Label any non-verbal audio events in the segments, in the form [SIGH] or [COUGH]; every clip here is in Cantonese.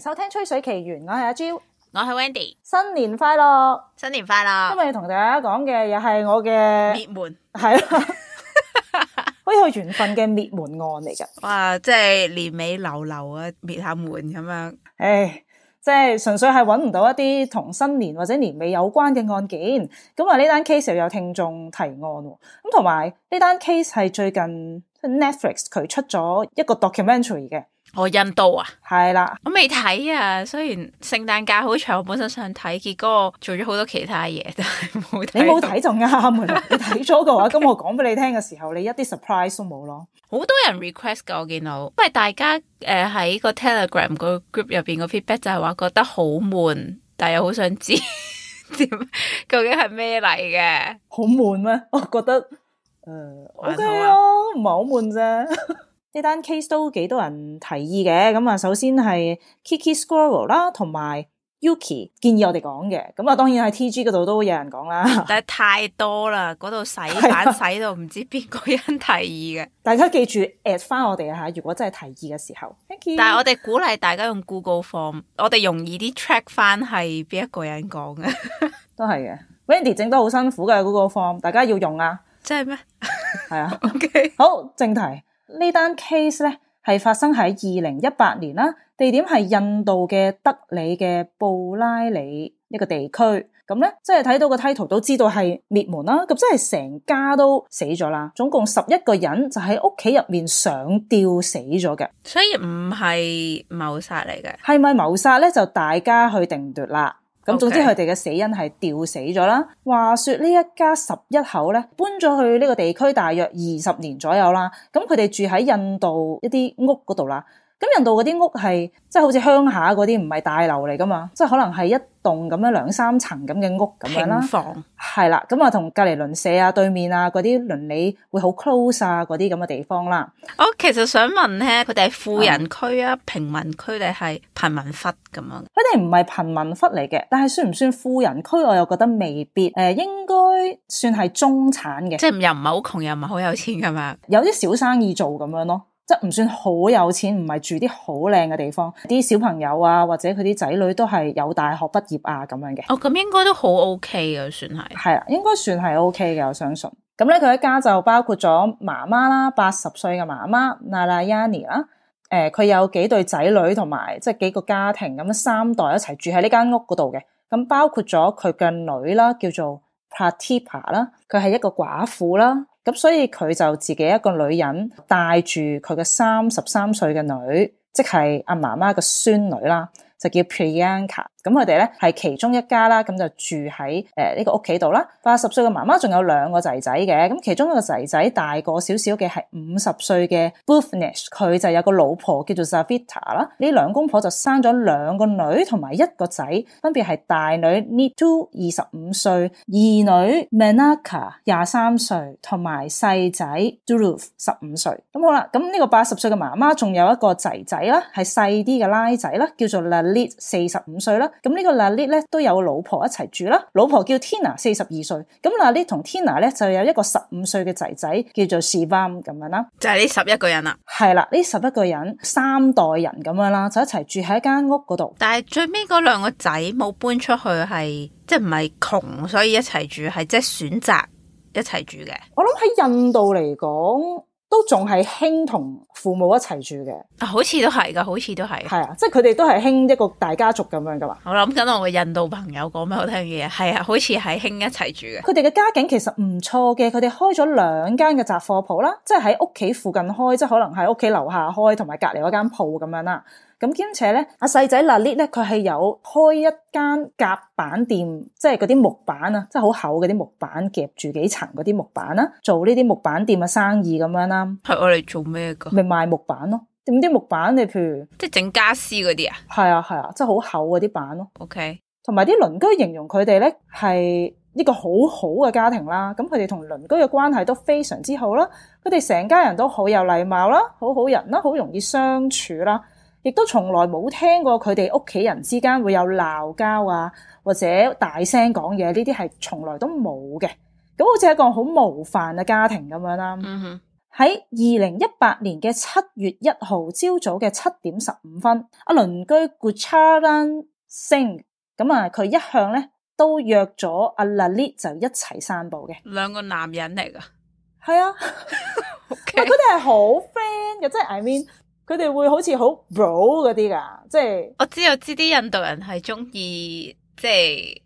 收聽《吹水奇緣》，我係阿 Jo，我係 Wendy，新年快樂，新年快樂。今日要同大家講嘅又係我嘅滅門，係咯了，好有緣分嘅滅門案嚟噶。哇，即係年尾流流啊，滅下門咁樣。唉、哎，即係純粹係揾唔到一啲同新年或者年尾有關嘅案件。咁啊，呢單 case 又有聽眾提案，咁同埋呢單 case 係最近 Netflix 佢出咗一個 documentary 嘅。我、哦、印度啊，係啦，我未睇啊。雖然聖誕假好長，我本身想睇，結果我做咗好多其他嘢，但係冇睇。你冇睇就啱噶 [LAUGHS] 你睇咗嘅話，咁 Okay. 我講俾你聽嘅時候，你一啲 surprise 都冇咯。好多人 request 噶，我見到，因為大家誒喺、呃、個 Telegram 個 group 入邊個 feedback 就係話覺得好悶，但係又好想知點 [LAUGHS] 究竟係咩嚟嘅。好悶咩？我覺得誒、呃、，OK 咯、啊，唔係好悶啫。呢單 case 都幾多人提議嘅，咁啊，首先係 Kiki Squirrel 啦，同埋 Yuki 建議我哋講嘅，咁啊，當然喺 TG 嗰度都有人講啦。但係太多啦，嗰度洗版 [LAUGHS] 洗到唔知邊個人提議嘅。大家記住 at 翻我哋啊吓，如果真係提議嘅時候。但係我哋鼓勵大家用 Google Form，我哋容易啲 track 翻係邊一個人講嘅， [LAUGHS] 都係嘅。Wendy 整得好辛苦嘅嗰個 form，大家要用啊。真係的咩？係 [LAUGHS] 啊，OK。好，正題。呢單 case 咧係發生喺二零一八年啦，地點係印度嘅德里嘅布拉里一個地區。咁咧，即係睇到個 title 都知道係滅門啦，咁即係成家都死咗啦，總共十一個人就喺屋企入面上吊死咗嘅。所以唔係謀殺嚟嘅，係咪謀殺咧？就大家去定奪啦。咁，總之佢哋嘅死因係吊死咗啦。話說呢一家十一口咧，搬咗去呢個地區大約二十年左右啦。咁佢哋住喺印度一啲屋嗰度啦。咁印度嗰啲屋係，即係好似鄉下嗰啲，唔係大樓嚟噶嘛，即係可能係一棟咁樣兩三層咁嘅屋咁樣啦，房，係啦，咁啊同隔籬鄰舍啊、對面啊嗰啲鄰里會好 close 啊，嗰啲咁嘅地方啦。我其實想問咧，佢哋係富人區啊，平民區定係貧民窟咁樣？佢哋唔係貧民窟嚟嘅，但係算唔算富人區？我又覺得未必，誒、呃，應該算係中產嘅，即係又唔係好窮，又唔係好有錢咁樣，有啲小生意做咁樣咯。即唔算好有錢，唔係住啲好靚嘅地方，啲小朋友啊，或者佢啲仔女都係有大學畢業啊咁樣嘅。哦，咁應該都好 OK 嘅，算係。係啊，應該算係 OK 嘅，我相信。咁、嗯、咧，佢一家就包括咗媽媽啦，八十歲嘅媽媽娜娜 y a n n 尼啦。誒，佢有幾對仔女同埋，即係幾個家庭咁樣三代一齊住喺呢間屋度嘅。咁、嗯、包括咗佢嘅女啦，叫做 p r a t 帕提 a 啦，佢係一個寡婦啦。咁所以佢就自己一個女人帶住佢嘅三十三歲嘅女，即係阿媽媽嘅孫女啦。就叫 Priyanka，咁佢哋咧係其中一家啦，咁就住喺誒呢個屋企度啦。八十歲嘅媽媽仲有兩個仔仔嘅，咁其中一個仔仔大個少少嘅係五十歲嘅 Bhavnesh，佢就有個老婆叫做 Savita 啦。呢兩公婆就生咗兩個女同埋一個仔，分別係大女 Nitu 二十五歲，二女 Manaka 廿三歲，同埋細仔 Dhruv 十五歲。咁好啦，咁呢個八十歲嘅媽媽仲有一個仔仔啦，係細啲嘅拉仔啦，叫做 Lal Lalit 四十五歲啦，咁呢個 Lalit 咧都有老婆一齊住啦，老婆叫 Tina，四十二歲，咁 Lalit 同 Tina 咧就有一個十五歲嘅仔仔叫做 Shivam 咁樣啦，就係呢十一個人啦，係啦，呢十一個人三代人咁樣啦，就一齊住喺間屋嗰度。但係最尾嗰兩個仔冇搬出去，係即係唔係窮，所以一齊住，係即係選擇一齊住嘅。我諗喺印度嚟講。都仲係興同父母一齊住嘅啊，好似都係噶，好似都係，係啊，即係佢哋都係興一個大家族咁樣噶嘛。我諗緊我嘅印度朋友講咩好聽嘅嘢，係啊，好似係興一齊住嘅。佢哋嘅家境其實唔錯嘅，佢哋開咗兩間嘅雜貨鋪啦，即係喺屋企附近開，即係可能喺屋企樓下開，同埋隔籬嗰間鋪咁樣啦。咁兼且咧，阿細仔 Lalit 咧，佢係有開一間夾板店，即係嗰啲木板啊，即係好厚嗰啲木板夾住幾層嗰啲木板啦，做呢啲木板店嘅生意咁樣啦。係我哋做咩噶？咪賣木板咯。咁啲木板你譬如即係整家私嗰啲啊？係啊係啊，即係好厚嗰啲板咯。OK。同埋啲鄰居形容佢哋咧係一個好好嘅家庭啦。咁佢哋同鄰居嘅關係都非常之好啦。佢哋成家人都好有禮貌啦，好好人啦，好，好，好容易相處啦。亦都從來冇聽過佢哋屋企人之間會有鬧交啊，或者大聲講嘢，呢啲係從來都冇嘅。咁好似一個好模範嘅家庭咁樣啦。嗯哼。喺二零一八年嘅七月一號朝早嘅七點十五分，阿鄰居 Gucharan Singh 咁啊，佢一向咧都約咗阿 Lali 就一齊散步嘅。兩個男人嚟噶，係啊，佢哋係好 friend，又即係 I mean。佢哋會好似好 raw 嗰啲噶，即係我知我知啲印度人係中意即係。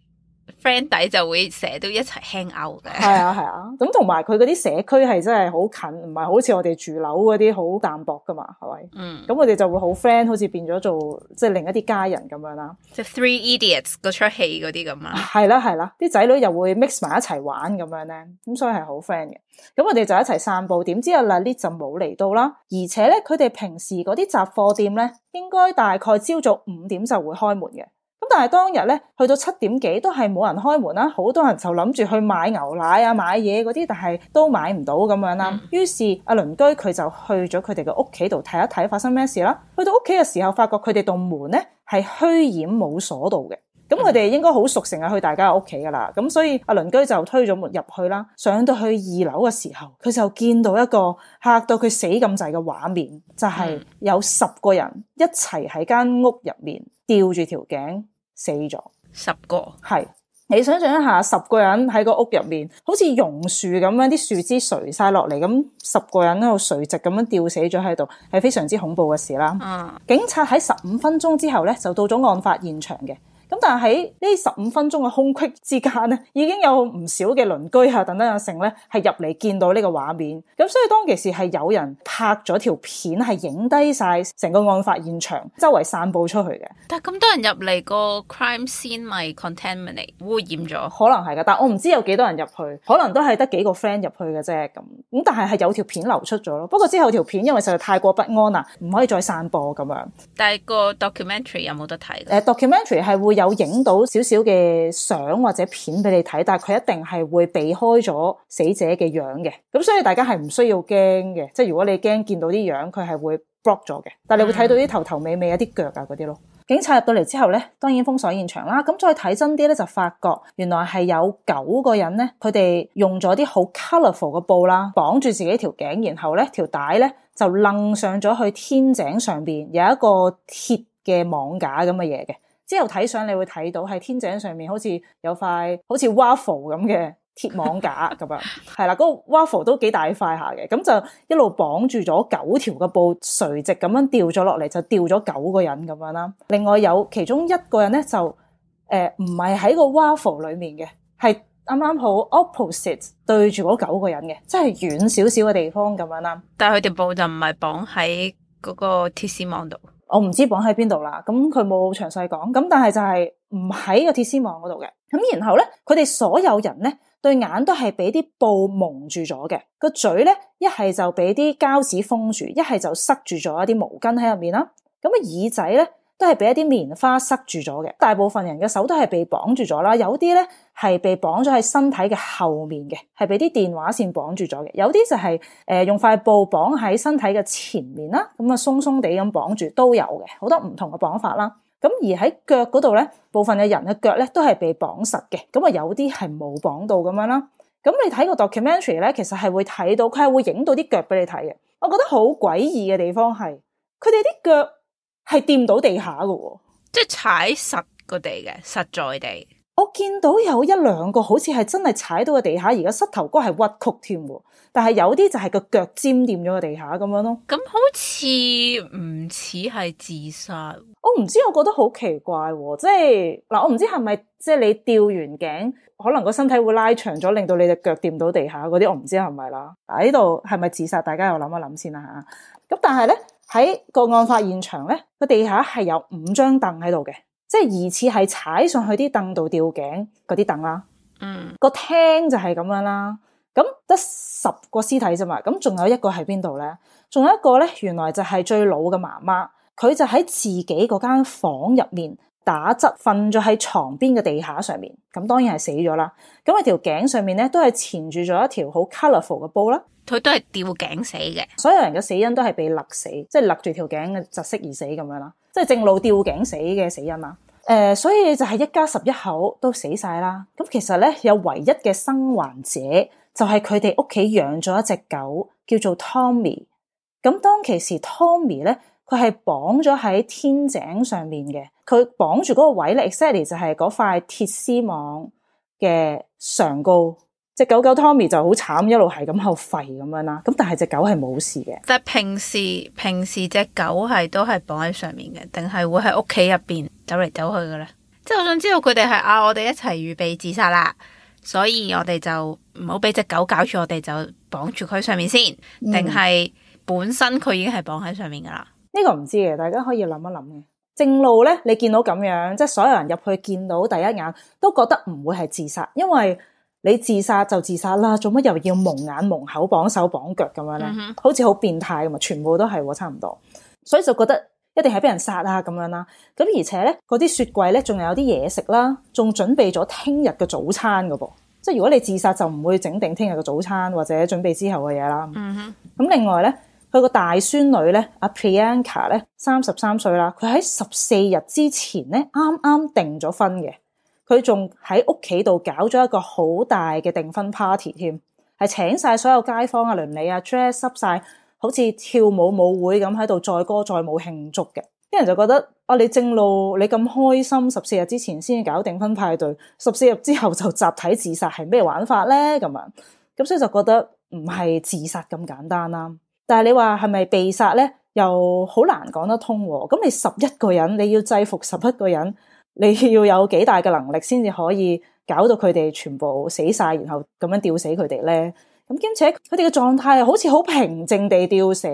friend 底就會成日都一齊 hang out 嘅，係啊係啊，咁同埋佢嗰啲社區係真係好近，唔係好似我哋住樓嗰啲好淡薄噶嘛，係咪？嗯，咁我哋就會好 friend，好似變咗做即係，就是、另一啲家人咁樣啦，即係 Three Idiots 嗰齣戲嗰啲咁啊，係啦係啦，啲仔，啊，女又會 mix 埋一齊玩咁樣咧，咁所以係好 friend 嘅，咁我哋就一齊散步，點知阿 Lalit 就冇嚟到啦，而且咧佢哋平時嗰啲雜貨店咧，應該大概朝早五點就會開門嘅。咁但係當日咧，去到七點幾都係冇人開門啦，啊，好多人就諗住去買牛奶啊、買嘢嗰啲，但係都買唔到咁樣啦，啊。於、嗯、是阿鄰居佢就去咗佢哋嘅屋企度睇一睇發生咩事啦。去到屋企嘅時候，發覺佢哋棟門咧係虛掩冇鎖到嘅。咁佢哋應該好熟，成日去大家嘅屋企噶啦。咁所以阿鄰居就推咗門入去啦。上到去二樓嘅時候，佢就見到一個嚇到佢死咁滯嘅畫面，就係、是、有十個人一齊喺間屋入面吊住條頸。死咗十個，係你想象一下，十個人喺個屋入面，好似榕樹咁樣，啲樹枝垂晒落嚟，咁十個人喺度垂直咁樣吊死咗喺度，係非常之恐怖嘅事啦。嗯、警察喺十五分鐘之後咧，就到咗案發現場嘅。咁但係喺呢十五分鐘嘅空隙之間咧，已經有唔少嘅鄰居啊、等等啊、成咧係入嚟見到呢個畫面。咁所以當其時係有人拍咗條片，係影低晒成個案發現場，周圍散佈出去嘅。但咁多人入嚟，個 crime scene 咪 contaminate 污染咗？可能係㗎，但我唔知有幾多人入去，可能都係得幾個 friend 入去嘅啫。咁咁但係係有條片流出咗咯。不過之後條片因為實在太過不安啦，唔可以再散播咁樣。但係個有有、呃、documentary 有冇得睇？誒 documentary 係會有。有影到少少嘅相或者片俾你睇，但係佢一定係會避開咗死者嘅樣嘅，咁所以大家係唔需要驚嘅。即係如果你驚見到啲樣，佢係會 block 咗嘅，但係你會睇到啲頭頭尾尾啊、啲腳啊嗰啲咯。警察入到嚟之後咧，當然封鎖現場啦。咁再睇真啲咧，就發覺原來係有九個人咧，佢哋用咗啲好 colourful 嘅布啦，綁住自己條頸，然後咧條帶咧就楞上咗去天井上邊有一個鐵嘅網架咁嘅嘢嘅。之後睇相，你會睇到喺天井上面好似有塊好似 waffle 咁嘅鐵網架咁樣，係啦， [LAUGHS] 嗰個 waffle 都幾大塊下嘅，咁就一路綁住咗九條嘅布，垂直咁樣掉咗落嚟，就掉咗九個人咁樣啦。另外有其中一個人咧就誒唔係喺個 waffle 裡面嘅，係啱啱好 opposite 對住嗰九個人嘅，即係遠少少嘅地方咁樣啦。但係佢條布就唔係綁喺嗰個鐵絲網度。我唔知綁喺邊度啦，咁佢冇詳細講，咁但係就係唔喺個鐵絲網嗰度嘅，咁然後咧，佢哋所有人咧對眼都係俾啲布蒙住咗嘅，個嘴咧一係就俾啲膠紙封住，一係就塞住咗一啲毛巾喺入面啦，咁嘅耳仔咧。都係俾一啲棉花塞住咗嘅，大部分人嘅手都係被綁住咗啦，有啲咧係被綁咗喺身體嘅後面嘅，係俾啲電話線綁住咗嘅，有啲就係、是、誒、呃、用塊布綁喺身體嘅前面啦，咁啊鬆鬆地咁綁住都有嘅，好多唔同嘅綁法啦。咁而喺腳嗰度咧，部分嘅人嘅腳咧都係被綁實嘅，咁啊有啲係冇綁到咁樣啦。咁你睇個 documentary 咧，其實係會睇到佢係會影到啲腳俾你睇嘅。我覺得好詭異嘅地方係，佢哋啲腳。係掂到地下嘅、喎，即係踩實個地嘅，實在地。我見到有一兩個好似係真係踩到個地下，而家膝頭哥係屈曲添，但係有啲就係個腳尖掂咗個地下咁樣咯。咁好似唔似係自殺？我唔知，我覺得好奇怪、喎，即係嗱，我唔知係咪即係你吊完頸，可能個身體會拉長咗，令到你隻腳掂到地下嗰啲，我唔知係咪啦。喺呢度係咪自殺？大家又諗一諗先啦、啊、吓。咁但係咧。喺個案發現場咧，個地下係有五張凳喺度嘅，即係疑似係踩上去啲凳度吊頸嗰啲凳啦。嗯，個廳就係咁樣啦。咁得十個屍體啫嘛，咁、嗯、仲有一個喺邊度咧？仲有一個咧，原來就係最老嘅媽媽，佢就喺自己嗰間房入面。打側瞓咗喺床邊嘅地下上面，咁當然係死咗啦。咁喺條頸上面咧都係纏住咗一條好 colourful 嘅布啦。佢都係吊頸死嘅，所有人嘅死因都係被勒死，即係勒住條頸嘅窒息而死咁樣啦，即係正路吊頸死嘅死因啦。誒、呃，所以就係一家十一口都死晒啦。咁其實咧有唯一嘅生還者就係佢哋屋企養咗一隻狗叫做 Tommy。咁當其時 Tommy 咧。佢係綁咗喺天井上面嘅，佢綁住嗰個位力 exactly 就係嗰塊鐵絲網嘅上高。隻狗狗 Tommy 就好慘，一路係咁後吠咁樣啦。咁但係隻狗係冇事嘅。但係平時平時隻狗係都係綁喺上面嘅，定係會喺屋企入邊走嚟走去嘅咧？即係我想知道佢哋係啊，我哋一齊預備自殺啦，所以我哋就唔好俾隻狗搞住，我哋就綁住佢上面先，定係本身佢已經係綁喺上面噶啦？嗯呢個唔知嘅，大家可以諗一諗嘅。正路咧，你見到咁樣，即係所有人入去見到第一眼，都覺得唔會係自殺，因為你自殺就自殺啦，做乜又要矇眼矇口綁手綁腳咁樣咧？Mm hmm. 好似好變態咁啊！全部都係差唔多，所以就覺得一定係俾人殺啊咁樣啦。咁而且咧，嗰啲雪櫃咧，仲有啲嘢食啦，仲準備咗聽日嘅早餐噶噃。即係如果你自殺就唔會整定聽日嘅早餐或者準備之後嘅嘢啦。咁、mm hmm. 另外咧。佢個大孫女咧，阿 Priyanka 咧，三十三歲啦。佢喺十四日之前咧，啱啱定咗婚嘅。佢仲喺屋企度搞咗一個好大嘅訂婚 party 添，係請曬所有街坊啊、鄰里啊，dress up 曬，好似跳舞舞會咁喺度載歌載舞慶祝嘅。啲人就覺得啊，你正路你咁開心，十四日之前先搞訂婚派對，十四日之後就集體自殺，係咩玩法咧？咁啊，咁所以就覺得唔係自殺咁簡單啦。但係你話係咪被殺咧，又好難講得通啊。咁你十一個人，你要制服十一個人，你要有幾大嘅能力先至可以搞到佢哋全部死晒，然後咁樣吊死佢哋咧？咁兼且佢哋嘅狀態好似好平靜地吊死，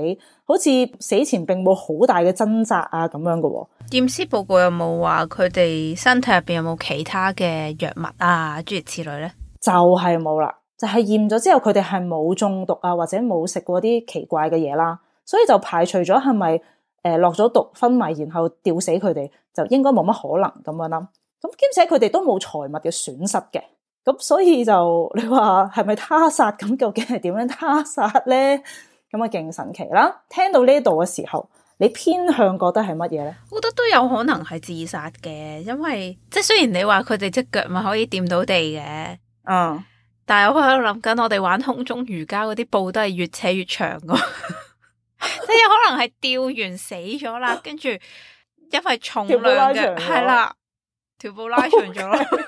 好似死前並冇好大嘅掙扎啊咁樣嘅啊。驗屍報告有冇話佢哋身體入邊有冇其他嘅藥物啊？諸如此類咧，就係冇啦。就係驗咗之後，佢哋係冇中毒啊，或者冇食過啲奇怪嘅嘢啦，所以就排除咗係咪誒落咗毒昏迷，然後吊死佢哋，就應該冇乜可能咁樣啦。咁兼且佢哋都冇財物嘅損失嘅，咁所以就你話係咪他殺？咁究竟係點樣他殺咧？咁啊勁神奇啦！聽到呢度嘅時候，你偏向覺得係乜嘢咧？我覺得都有可能係自殺嘅，因為即係雖然你話佢哋隻腳咪可以掂到地嘅，嗯。但係我喺度諗緊，我哋玩空中瑜伽嗰啲布都係越扯越長噶，即 [LAUGHS] 係可能係吊完死咗啦，跟住因為重量嘅係啦，條布拉長咗咯。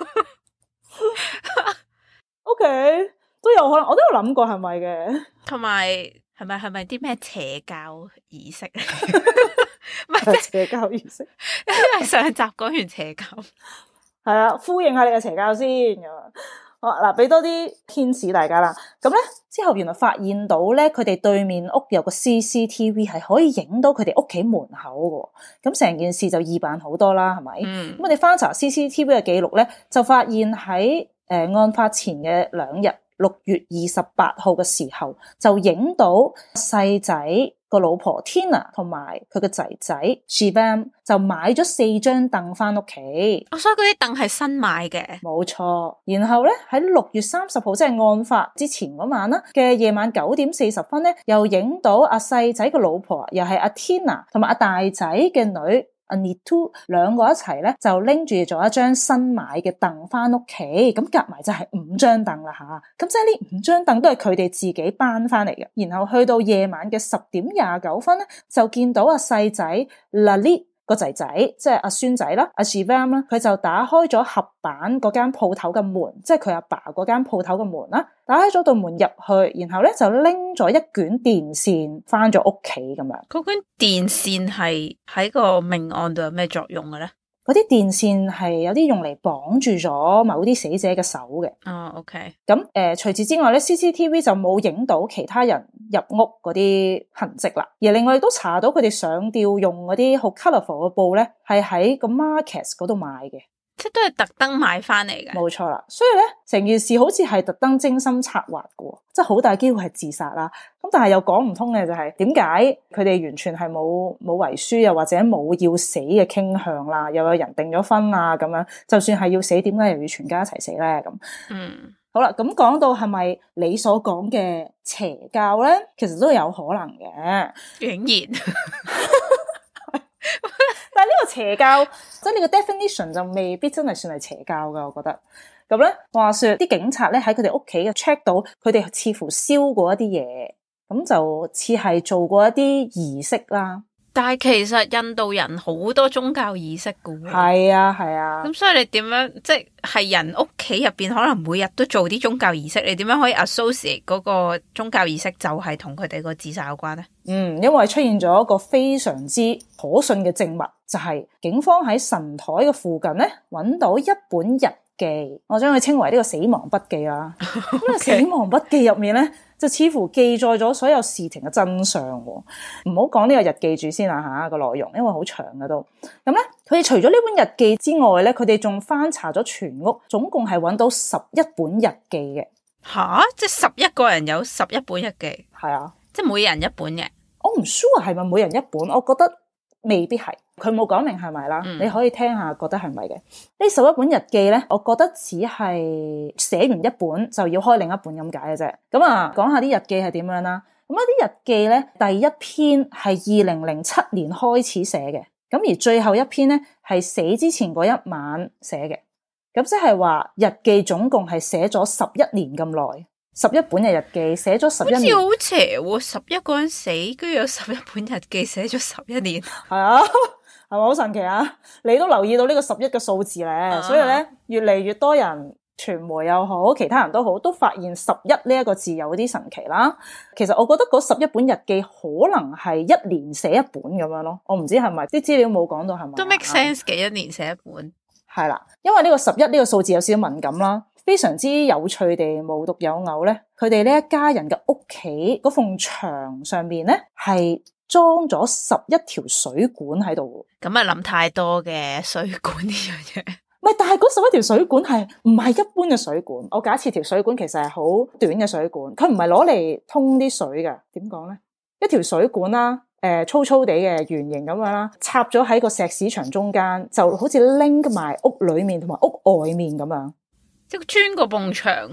O Okay. [LAUGHS] K、okay, 都有可能，我都有諗過係咪嘅，同埋係咪係咪啲咩邪教儀式？唔係即係邪教儀式，因為 [LAUGHS] 上集講完邪教，係 [LAUGHS] 啊呼應下你嘅邪教先咁。哦，嗱，俾多啲提示大家啦。咁咧，之後原來發現到咧，佢哋對面屋有個 CCTV 係可以影到佢哋屋企門口嘅。咁成件事就易辦好多啦，係咪？咁我哋翻查 CCTV 嘅記錄咧，就發現喺誒、呃、案發前嘅兩日，六月二十八號嘅時候，就影到細仔。個老婆 Tina 同埋佢個仔仔 Shivam 就買咗四張凳返屋企，所以嗰啲凳係新買嘅。冇錯，然後咧，喺六月三十號，即係案發之前嗰晚啦嘅夜晚九點四十分咧，又影到阿細仔個老婆，又係阿、啊、Tina 同埋、啊、阿大仔嘅女。n e Two 兩個一齊咧，就拎住咗一張新買嘅凳翻屋企，咁夾埋就係五張凳啦嚇。咁、啊、即係呢五張凳都係佢哋自己搬翻嚟嘅。然後去到夜晚嘅十點廿九分咧，就見到阿細仔嗱呢。個仔仔即係阿孫仔啦，阿 Shivam 啦，佢就打開咗盒板嗰間鋪頭嘅門，即係佢阿爸嗰間鋪頭嘅門啦，打開咗道門入去，然後咧就拎咗一卷電線翻咗屋企咁樣。嗰卷電線係喺個命案度有咩作用嘅咧？啲電線係有啲用嚟綁住咗某啲死者嘅手嘅。啊、oh，OK。咁、呃、誒，除此之外咧，CCTV 就冇影到其他人入屋嗰啲痕跡啦。而另外亦都查到佢哋上吊用嗰啲好 colourful 嘅布咧，係喺個 market 嗰度買嘅。即都係特登買翻嚟嘅，冇錯啦。所以咧，成件事好似係特登精心策劃嘅，即好大機會係自殺啦。咁但係又講唔通嘅就係，點解佢哋完全係冇冇遺書，又或者冇要死嘅傾向啦？又有人定咗婚啊？咁樣就算係要死，點解又要全家一齊死咧？咁，嗯，好啦，咁講到係咪你所講嘅邪教咧，其實都有可能嘅，竟然。 [LAUGHS] [LAUGHS] 但係呢個邪教，即係你個 definition 就未必真係算係邪教噶，我覺得。咁咧，話說啲警察咧，喺佢哋屋企嘅 check 到，佢哋似乎燒過一啲嘢，咁就似係做過一啲儀式啦。但係其實印度人好多宗教儀式嘅喎，係啊係啊。咁、啊、所以你點樣即係人屋企入邊可能每日都做啲宗教儀式，你點樣可以 associate 嗰個宗教儀式就係同佢哋個自殺有關呢？嗯，因為出現咗一個非常之可信嘅證物，就係、是、警方喺神台嘅附近呢揾到一本日記，我將佢稱為呢個死亡筆記啊。咁啊，死亡筆記入面呢，就似乎記載咗所有事情嘅真相喎、哦，唔好講呢個日記住先啦嚇、啊這個內容，因為好長嘅都咁咧。佢、嗯、哋除咗呢本日記之外咧，佢哋仲翻查咗全屋，總共係揾到十一本日記嘅。吓？即係十一個人有十一本日記，係啊，即係每人一本嘅。我唔、oh, sure 係咪每人一本，我覺得未必係。佢冇講明係咪啦，嗯、你可以聽下，覺得係咪嘅呢？十一本日記咧，我覺得只係寫完一本就要開另一本咁解嘅啫。咁、嗯、啊，講下啲日記係點樣啦。咁一啲日記咧，第一篇係二零零七年開始寫嘅，咁而最後一篇咧係死之前嗰一晚寫嘅。咁即係話日記總共係寫咗十一年咁耐，十一本嘅日記寫咗十一年，好似好邪，十一個人死，居然有十一本日記寫咗十一年，係啊。係咪好神奇啊？你都留意到呢個十一嘅數字咧，啊、所以咧越嚟越多人傳媒又好，其他人都好，都發現十一呢一個字有啲神奇啦。其實我覺得嗰十一本日記可能係一年寫一本咁樣咯，我唔知係咪啲資料冇講到係咪。都 makes sense 嘅，一年寫一本。係啦，因為呢個十一呢個數字有少少敏感啦，非常之有趣地無獨有偶咧，佢哋呢一家人嘅屋企嗰埲牆上面咧係。裝咗十一條水管喺度，咁啊諗太多嘅水管呢樣嘢。唔係，但係嗰十一條水管係唔係一般嘅水管？我假設條水管其實係好短嘅水管，佢唔係攞嚟通啲水嘅。點講咧？一條水管啦，誒、呃、粗粗地嘅圓形咁樣啦，插咗喺個石屎牆中間，就好似拎埋屋裏面同埋屋外面咁樣，即係穿過埲牆。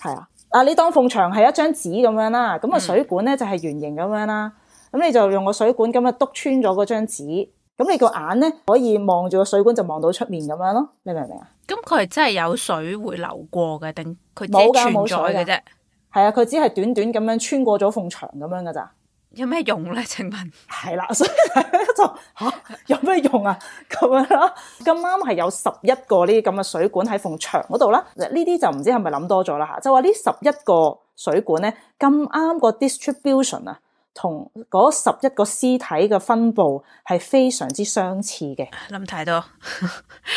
係啊，啊你當埲牆係一張紙咁樣啦，咁啊水管咧就係圓形咁樣啦。嗯咁你就用個水管咁樣，督穿咗嗰張紙，咁你個眼咧可以望住個水管就望到出面咁樣咯，你明唔明啊？咁佢係真係有水會流過嘅定冇㗎冇水嘅啫？係啊，佢只係短短咁樣穿過咗縫牆咁樣嘅咋？有咩用咧？請問係啦，所以就吓有咩用啊？咁樣咯，咁啱係有十一個呢啲咁嘅水管喺縫牆嗰度啦。呢啲就唔知係咪諗多咗啦吓。就話呢十一個水管咧咁啱個 distribution 啊。同嗰十一個屍體嘅分佈係非常之相似嘅，諗太多，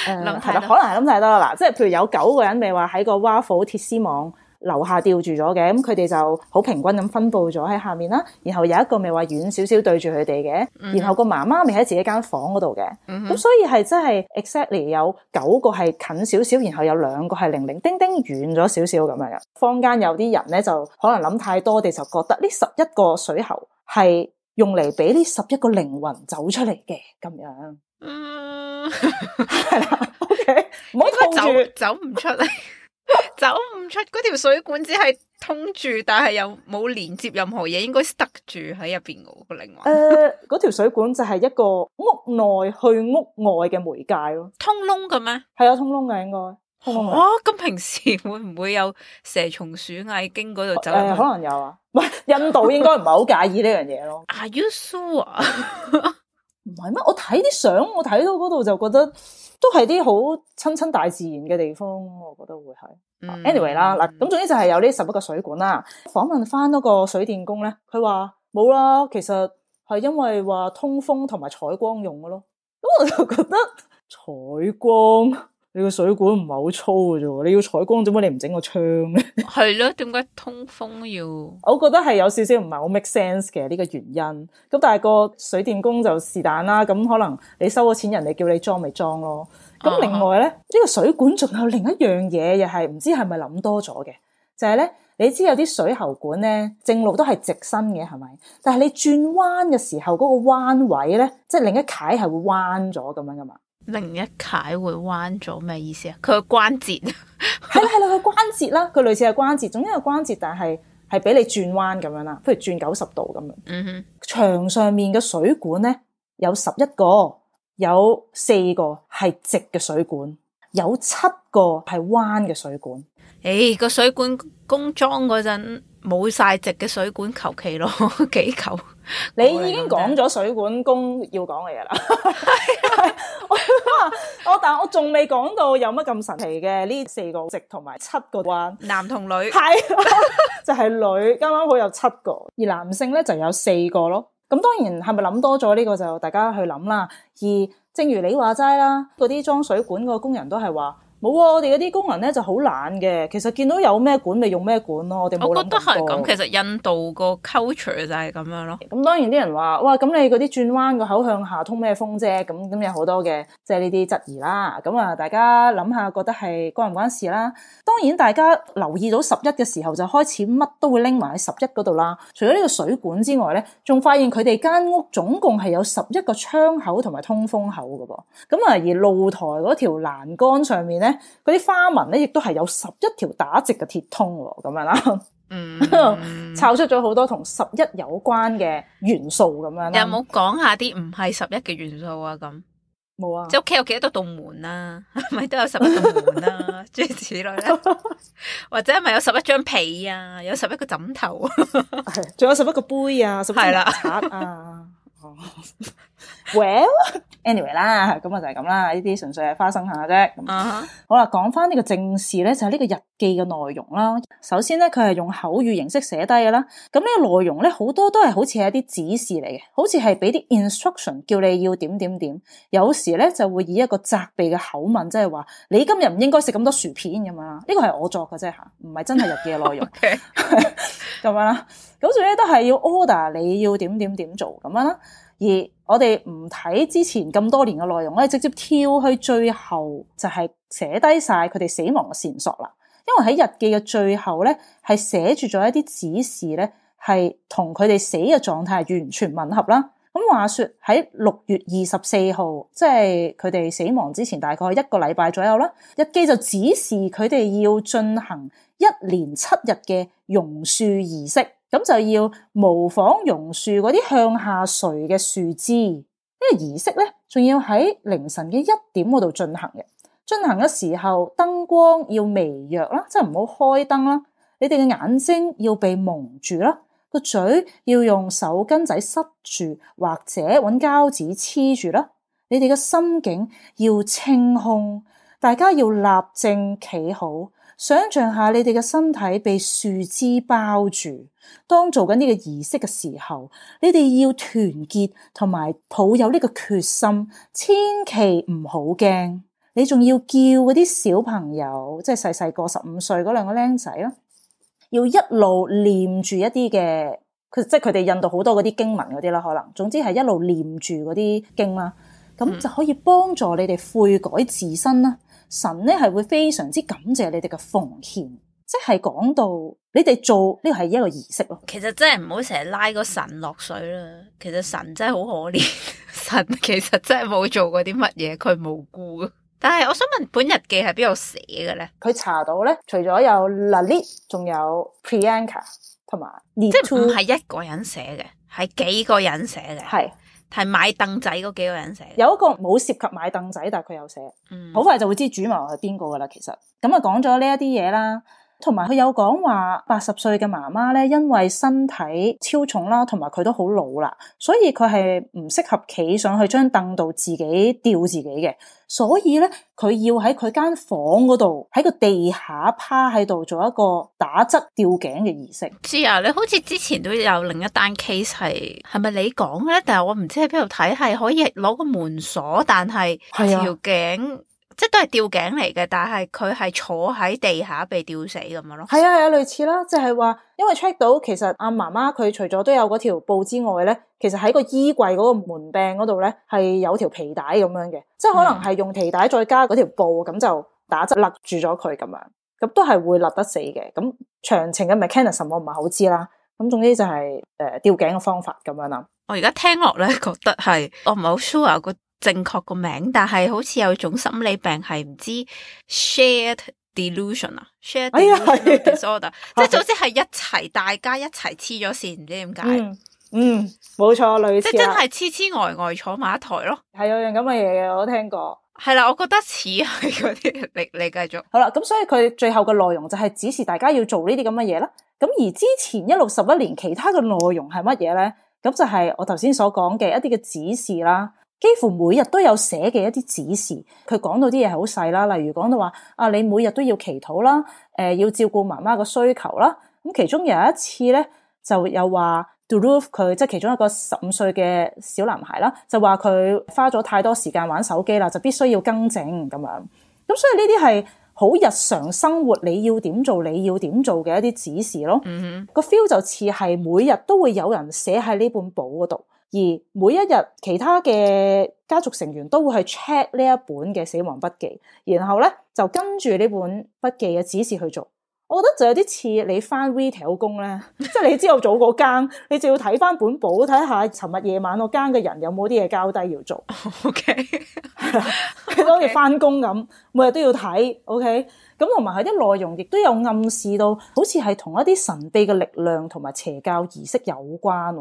諗係啦，可能係諗太多啦。嗱，即係譬如有九個人，咪話喺個蛙堡鐵絲網。樓下吊住咗嘅，咁佢哋就好平均咁分布咗喺下面啦。然後有一個咪話遠少少對住佢哋嘅，嗯、哼然後個媽媽咪喺自己間房嗰度嘅。咁、嗯、哼所以係真係 exactly 有九個係近少少，然後有兩個係零零丁丁遠咗少少咁樣嘅。坊間有啲人咧就可能諗太多，哋就覺得呢十一個水喉係用嚟俾呢十一個靈魂走出嚟嘅咁樣。嗯，係 [LAUGHS] 啦 [LAUGHS] ，OK，應該走 [LAUGHS] 走唔出嚟。 [LAUGHS] 走唔出嗰條水管只係通住，但係又冇連接任何嘢，應該 stuck 住喺入邊嘅個靈魂。誒 [LAUGHS] 呃，嗰條水管就係一個屋內去屋外嘅媒介咯，通窿嘅咩？係啊，通窿嘅應該。哦，咁、啊、平時會唔會有蛇蟲鼠蟻經嗰度走、呃？可能有啊。唔 [LAUGHS] [LAUGHS] 印度應該唔係好介意呢樣嘢咯。Are you sure？ [LAUGHS] 唔係咩？我睇啲相，我睇到嗰度就覺得都係啲好親親大自然嘅地方，我覺得會係。嗯、Anyway 啦，嗱咁，總之就係有呢十一個水管啦。訪問翻嗰個水電工咧，佢話冇啦，其實係因為話通風同埋採光用嘅咯。咁我就覺得採光。你個水管唔係好粗嘅啫，你要採光，點解你唔整個窗咧？係 [LAUGHS] 咯，點解通風要？我覺得係有少少唔係好 make sense 嘅呢、這個原因。咁但係個水電工就是但啦，咁可能你收咗錢，人哋叫你裝咪裝咯。咁另外咧，呢、uh huh. 個水管仲有另一樣嘢，又係唔知係咪諗多咗嘅，就係、是、咧，你知有啲水喉管咧，正路都係直身嘅，係咪？但係你轉彎嘅時候，嗰、那個彎位咧，即、就、係、是、另一楔係會彎咗咁樣噶嘛？是另一楷會彎咗咩意思啊？佢個關節係啦係啦，佢 [LAUGHS] 關節啦，佢類似係關節，總之一個關節，但係係俾你轉彎咁樣啦，譬如轉九十度咁樣。嗯哼，牆上面嘅水管咧有十一個，有四個係直嘅水管，有七個係彎嘅水管。誒，個、欸、水管工裝嗰陣冇晒直嘅水管，求其攞幾嚿。你已經講咗水管工要講嘅嘢啦。 [LAUGHS] [LAUGHS] [LAUGHS] 但我但係我仲未講到有乜咁神奇嘅，呢四個直同埋七個彎，男同和女係 [LAUGHS] [LAUGHS] 就係女，啱啱好有七個，而男性咧就有四個咯。咁當然係咪諗多咗呢，這個就大家去諗啦。而正如你話齋啦，嗰啲裝水管個工人都係話冇喎、哦，我哋嗰啲工人咧就好懶嘅，其實見到有咩管咪用咩管咯，我哋冇諗過。我覺得係咁，其實印度個 culture 就係咁樣咯。咁、嗯、當然啲人話，哇，咁你嗰啲轉彎個口向下通咩風啫？咁、嗯、咁、嗯、有好多嘅，即係呢啲質疑啦。咁、嗯、啊，大家諗下覺得係關唔關事啦？當然，大家留意到十一嘅時候就開始乜都會拎埋喺十一嗰度啦。除咗呢個水管之外咧，仲發現佢哋間屋總共係有十一個窗口同埋通風口噶噃。咁、嗯、啊，而露台嗰條欄杆上面咧。嗰啲花紋咧，亦都係有十一條打直嘅鐵通喎，咁樣啦、啊，嗯，抄出咗好多同十一有關嘅元素咁樣。有冇講下啲唔係十一嘅元素啊？咁冇有啊？即係屋企有幾多道門啊？咪 [LAUGHS] 都有十一道門啊，諸如 [LAUGHS] 此類咧、啊。 [LAUGHS] 或者係咪有十一張被啊？有十一個枕頭，係，仲有十一個杯啊？係啦，啊，是的 [LAUGHS] 哦。Well，anyway 啦，咁啊、well, anyway，就係咁啦，呢啲純粹係花生下啫。咁、uh huh. 好啦，講翻呢個正事咧，就係、是、呢個日記嘅內容啦。首先咧，佢係用口語形式寫低嘅啦。咁呢個內容咧，好多都係好似係一啲指示嚟嘅，好似係俾啲 instruction 叫你要點點點。有時咧就會以一個責備嘅口吻，即係話你今日唔應該食咁多薯片咁樣啦。呢、這個係我作嘅啫吓，唔係真係日記嘅內容。咁 Okay. [LAUGHS] [LAUGHS] 樣啦，咁所以都係要 order 你要點點點做咁樣啦。而我哋唔睇之前咁多年嘅內容咧，直接跳去最後就係寫低晒佢哋死亡嘅線索啦。因為喺日記嘅最後咧，係寫住咗一啲指示咧，係同佢哋死嘅狀態係完全吻合啦。咁話説喺六月二十四號，即係佢哋死亡之前大概一個禮拜左右啦，日記就指示佢哋要進行一年七日嘅榕樹儀式。咁就要模仿榕樹嗰啲向下垂嘅樹枝。這個、儀呢個儀式咧，仲要喺凌晨嘅一點嗰度進行嘅。進行嘅時候，燈光要微弱啦，即係唔好開燈啦。你哋嘅眼睛要被矇住啦，個嘴要用手巾仔塞住或者搵膠紙黐住啦。你哋嘅心境要清空，大家要立正企好。想象下你哋嘅身體被樹枝包住，當做緊呢個儀式嘅時候，你哋要團結同埋抱有呢個決心，千祈唔好驚。你仲要叫嗰啲小朋友，即係細細個十五歲嗰兩個僆仔啦，要一路念住一啲嘅佢，即係佢哋印度好多嗰啲經文嗰啲啦，可能總之係一路念住嗰啲經啦，咁就可以幫助你哋悔改自身啦。神咧，係會非常之感謝你哋嘅奉獻，即係講到你哋做呢個係一個儀式咯。其實真係唔好成日拉個神落水啦。其實神真係好可憐，神其實真係冇做過啲乜嘢，佢無辜嘅。但係我想問本日記係邊度寫嘅咧？佢查到咧，除咗有 Lalit，仲有 Priyanka 同埋，即係唔係一個人寫嘅，係幾個人寫嘅，係。係買凳仔嗰幾個人寫，有一個冇涉及買凳仔，但係佢有寫，好快就會知主謀係邊個噶啦其實咁啊，講咗呢一啲嘢啦。同埋佢有講話，八十歲嘅媽媽咧，因為身體超重啦，同埋佢都好老啦，所以佢係唔適合企上去張凳度自己吊自己嘅。所以咧，佢要喺佢間房嗰度，喺個地下趴喺度做一個打側吊頸嘅儀式。知啊，你好似之前都有另一單 case 係，係咪你講咧？但係我唔知喺邊度睇，係可以攞個門鎖，但係條頸。即係都係吊頸嚟嘅，但係佢係坐喺地下被吊死咁樣咯。係啊，係啊，類似啦，即係話，因為 check 到其實阿媽媽佢除咗都有嗰條布之外咧，其實喺個衣櫃嗰個門柄嗰度咧係有條皮帶咁樣嘅，即係可能係用皮帶再加嗰條布咁就打質勒住咗佢咁樣，咁都係會勒得死嘅。咁詳情嘅 mechanism 我唔係好知啦。咁總之就係、是、誒、呃、吊頸嘅方法咁樣啦。我而家聽落咧覺得係我唔係好 sure。正確個名，但係好似有種心理病，係唔知 shared delusion 啊，shared disorder 即係總之係一齊，大家一齊黐咗線，唔知點解。嗯。嗯，冇錯，類似即、啊、係真係黐黐呆呆坐埋一台咯係有樣咁嘅嘢，我聽過。係啦，我覺得似係嗰啲。你你繼續。好啦，咁所以佢最後嘅內容就係指示大家要做呢啲咁嘅嘢啦。咁而之前一路十一年，其他嘅內容係乜嘢咧？咁就係我頭先所講嘅一啲嘅指示啦。幾乎每日都有寫嘅一啲指示，佢講到啲嘢係好細啦，例如講到話啊，你每日都要祈禱啦，誒、呃，要照顧媽媽嘅需求啦。咁其中有一次咧，就又話 Dhruv 佢，即係其中一個十五歲嘅小男孩啦，就話佢花咗太多時間玩手機啦，就必須要更正咁樣。咁所以呢啲係好日常生活你要點做，你要點做嘅一啲指示咯。個、mm hmm. feel 就似係每日都會有人寫喺呢本簿嗰度。而每一日，其他嘅家族成員都會去 check 呢一本嘅死亡筆記，然後咧就跟住呢本筆記嘅指示去做。我覺得就有啲似你翻 retail 工咧，即係 [LAUGHS] 你之後早嗰間，你就要睇翻本簿，睇下尋日夜晚我間嘅人有冇啲嘢交低要做。OK，好似翻工咁，每日都要睇。OK，咁同埋佢啲內容亦都有暗示到，好似係同一啲神秘嘅力量同埋邪教儀式有關。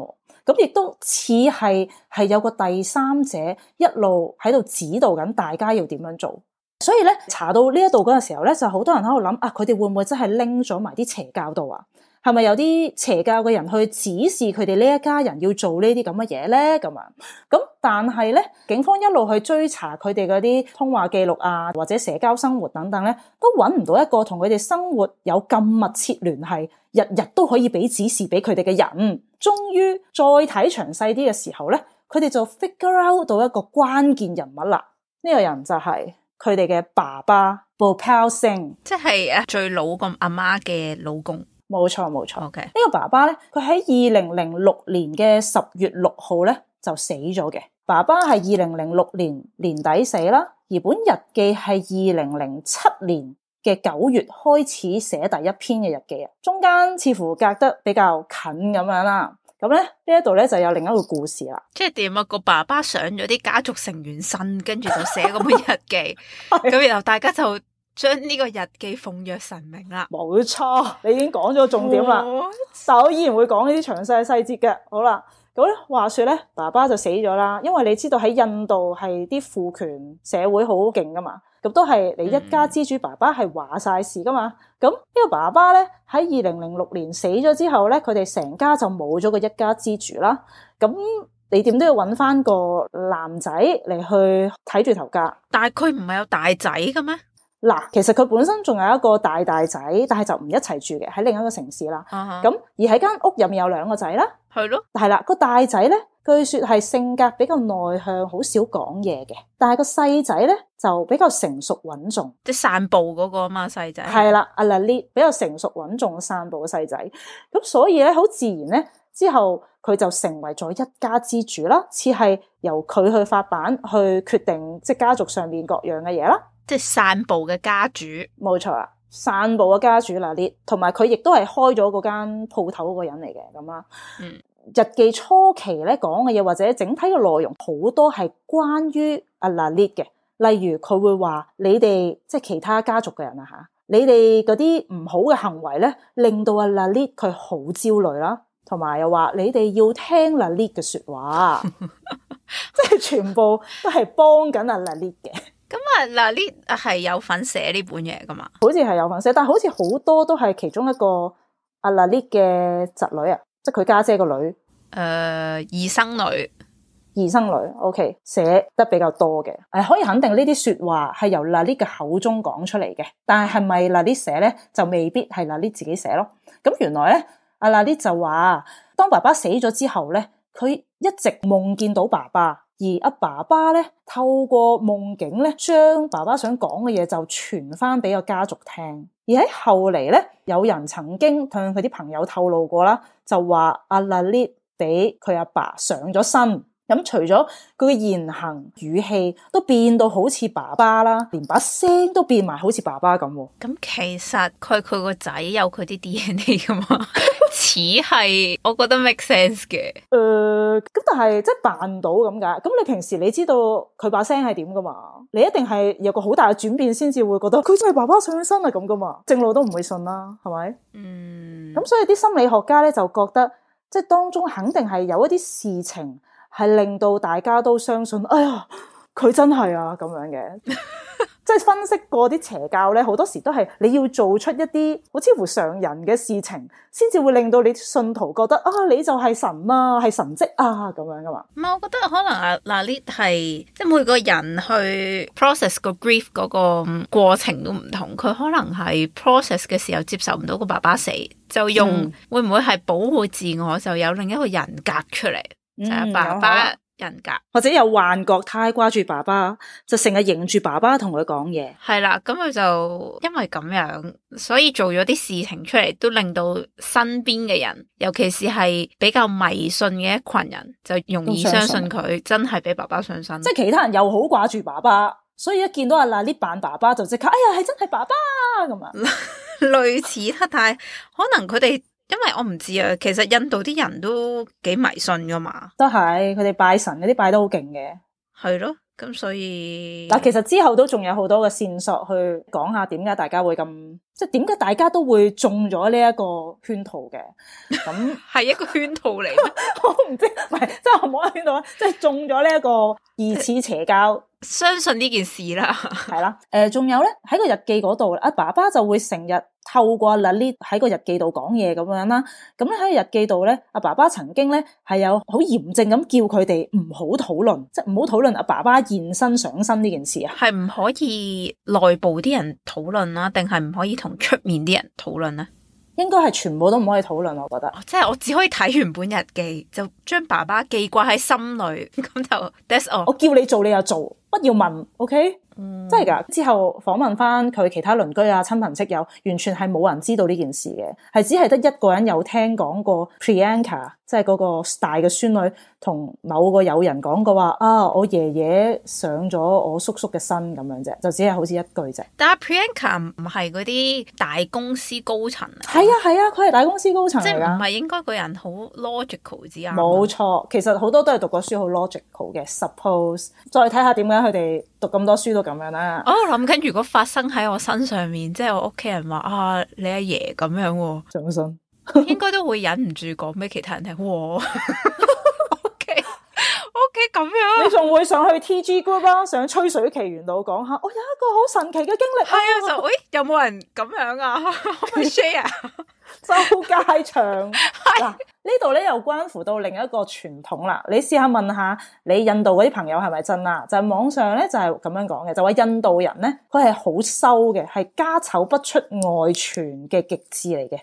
咁亦都似係係有個第三者一路喺度指導緊大家要點樣做，所以咧，查到呢一度嗰陣時候咧，就好多人喺度諗啊，佢哋會唔會真係拎咗埋啲邪教度啊？係咪有啲邪教嘅人去指示佢哋呢一家人要做呢啲咁嘅嘢咧？咁啊，咁但係咧，警方一路去追查佢哋嗰啲通話記錄啊，或者社交生活等等咧，都揾唔到一個同佢哋生活有咁密切聯繫，日日都可以俾指示俾佢哋嘅人。終於再睇詳細啲嘅時候咧，佢哋就 figure out 到一個關鍵人物啦。呢個人就係佢哋嘅爸爸 Bopal Singh，即係誒最老個阿媽嘅老公。冇錯冇錯，呢個爸爸咧，佢喺二零零六年嘅十月六號咧就死咗嘅。爸爸係二零零六年年底死啦，而本日記係二零零七年嘅九月開始寫第一篇嘅日記啊，中間似乎隔得比較近咁樣啦。咁咧呢一度咧就有另一個故事啦。即係點啊？個爸爸上咗啲家族成員信，跟住就寫本日記，咁然後大家就。將呢個日記奉若神明啦，冇錯，你已經講咗重點啦。我 [LAUGHS] 依然會講呢啲詳細嘅細節嘅。好啦，咁話說咧，爸爸就死咗啦，因為你知道喺印度係啲父權社會好勁噶嘛，咁都係你一家之主，爸爸係話晒事噶嘛。咁呢個爸爸咧喺二零零六年死咗之後咧，佢哋成家就冇咗個一家之主啦。咁你點都要揾翻個男仔嚟去睇住頭家，但係佢唔係有大仔嘅咩？嗱，其實佢本身仲有一個大大仔，但係就唔一齊住嘅，喺另一個城市啦。咁、uh huh. 而喺間屋入面有兩個仔啦。係咯，係 [NOISE] 啦。個大仔咧，據說係性格比較內向，好少講嘢嘅。但係個細仔咧就比較成熟穩重，即係散步嗰個啊嘛細仔。係啦，阿娜莉比較成熟穩重散步嘅細仔。咁所以咧，好自然咧，之後佢就成為咗一家之主啦，似係由佢去發版去決定即係家族上面各樣嘅嘢啦。即係散步嘅家主，冇錯啊！散步嘅家主啦，Lalit 同埋佢亦都係開咗嗰間鋪頭嗰個人嚟嘅咁啊。嗯，日記初期咧，講嘅嘢，或者整體嘅內容好多係關於阿 Lalit 嘅，例如佢會話你哋即係其他家族嘅人啊吓，你哋嗰啲唔好嘅行為咧，令到阿 Lalit 佢好焦慮啦，同埋又話你哋要聽 Lalit 嘅說話， [LAUGHS] [LAUGHS] 即係全部都係幫緊阿 Lalit 嘅。咁啊，Lalit 係有份寫呢本嘢噶嘛？好似係有份寫，但係好似好多都係其中一個阿 Lalit 嘅侄女啊，即係佢家姐個女，誒、呃，二生女，二生女，OK，寫得比較多嘅。誒，可以肯定呢啲說話係由 Lalit 嘅口中講出嚟嘅，但係係咪 Lalit 寫咧，就未必係 Lalit 自己寫咯。咁原來咧，阿 Lalit 就話，當爸爸死咗之後咧，佢一直夢見到爸爸。而阿爸爸咧，透過夢境咧，將爸爸想講嘅嘢就傳翻俾個家族聽。而喺後嚟咧，有人曾經向佢啲朋友透露過啦，就話阿 Lalit 俾佢阿爸上咗身。咁除咗佢嘅言行語氣都變到好似爸爸啦，連把聲都變埋好似爸爸咁。咁其實佢佢個仔有佢啲 DNA 噶嘛？似係，我覺得 make sense 嘅。誒、呃，咁但係即係扮到咁噶？咁你平時你知道佢把聲係點噶嘛？你一定係有個好大嘅轉變先至會覺得佢真係爸爸上咗身係咁噶嘛？正路都唔會信啦，係咪？嗯。咁所以啲心理學家咧就覺得，即係當中肯定係有一啲事情。係令到大家都相信，哎呀，佢真係啊咁樣嘅。即係 [LAUGHS] 分析過啲邪教咧，好多時都係你要做出一啲好似乎常人嘅事情，先至會令到你信徒覺得啊，你就係神啊，係神蹟啊咁樣噶嘛。唔係，我覺得可能啊，嗱呢係即係每個人去 process 個 grief 嗰個過程都唔同，佢可能係 process 嘅時候接受唔到個爸爸死，就用會唔會係保護自我，就有另一個人格出嚟，就係爸爸人格，嗯、或者有幻覺，太掛住爸爸，就成日迎住爸爸同佢講嘢。係啦，咁佢就因為咁樣，所以做咗啲事情出嚟，都令到身邊嘅人，尤其是係比較迷信嘅一群人，就容易相信佢真係俾爸爸上身。相信即係其他人又好掛住爸爸，所以一見到阿娜呢扮爸爸就即刻，哎呀，係真係爸爸咁啊， [LAUGHS] 類似啦。但係可能佢哋。因為我唔知啊，其實印度啲人都幾迷信噶嘛，都係佢哋拜神嗰啲拜得好勁嘅，係咯，咁所以嗱，其實之後都仲有好多嘅線索去講下點解大家會咁，即係點解大家都會中咗呢 [LAUGHS] 一個圈套嘅，咁係 [LAUGHS] 一個圈套嚟，我唔知，唔係，即係我冇一個圈套啊，即係中咗呢一個疑似邪教，相信呢件事啦，係 [LAUGHS] 啦，誒、呃，仲有咧喺個日記嗰度，阿爸爸就會成日。透過 Lily 喺個日記度講嘢咁樣啦，咁咧喺日記度咧，阿爸爸曾經咧係有好嚴正咁叫佢哋唔好討論，即係唔好討論阿爸爸現身上身呢件事啊，係唔可以內部啲人討論啦，定係唔可以同出面啲人討論咧？應該係全部都唔可以討論，我覺得。哦，即係我只可以睇完本日記，就將爸爸記掛喺心裏，咁就 that's all. 我叫你做你就做，不要問，OK？真係噶！嗯、之後訪問翻佢其他鄰居啊、親朋戚友，完全係冇人知道呢件事嘅，係只係得一個人有聽講過 Priyanka 即係嗰個大嘅孫女，同某個友人講過話啊，我爺爺上咗我叔叔嘅身咁樣啫，就只係好似一句啫。但係 Priyanka 唔係嗰啲大公司高層啊？係啊係啊，佢係大公司高層嚟噶，唔係應該個人好 logical 啲啊？冇錯，其實好多都係讀過書好 logical 嘅。Suppose 再睇下點解佢哋。讀咁多書都咁樣啦。哦，我諗緊，如果發生喺我身上面，即係我屋企人話啊，你阿爺咁樣，上身， [LAUGHS] 應該都會忍唔住講俾其他人聽。O K，O K，咁樣你仲會上去 T G Group 啦，啊，上《吹水奇緣》度講下，我，哦，有一個好神奇嘅經歷，啊。係啊，就誒，哎，有冇人咁樣啊？Share。 [LAUGHS] [LAUGHS] [LAUGHS] 周街場，係嗱，呢度咧又關乎到另一個傳統啦。你試下問下你印度嗰啲朋友係咪真啊？就係、是、網上咧就係咁樣講嘅，就話、是、印度人咧佢係好羞嘅，係家醜不出外傳嘅極致嚟嘅。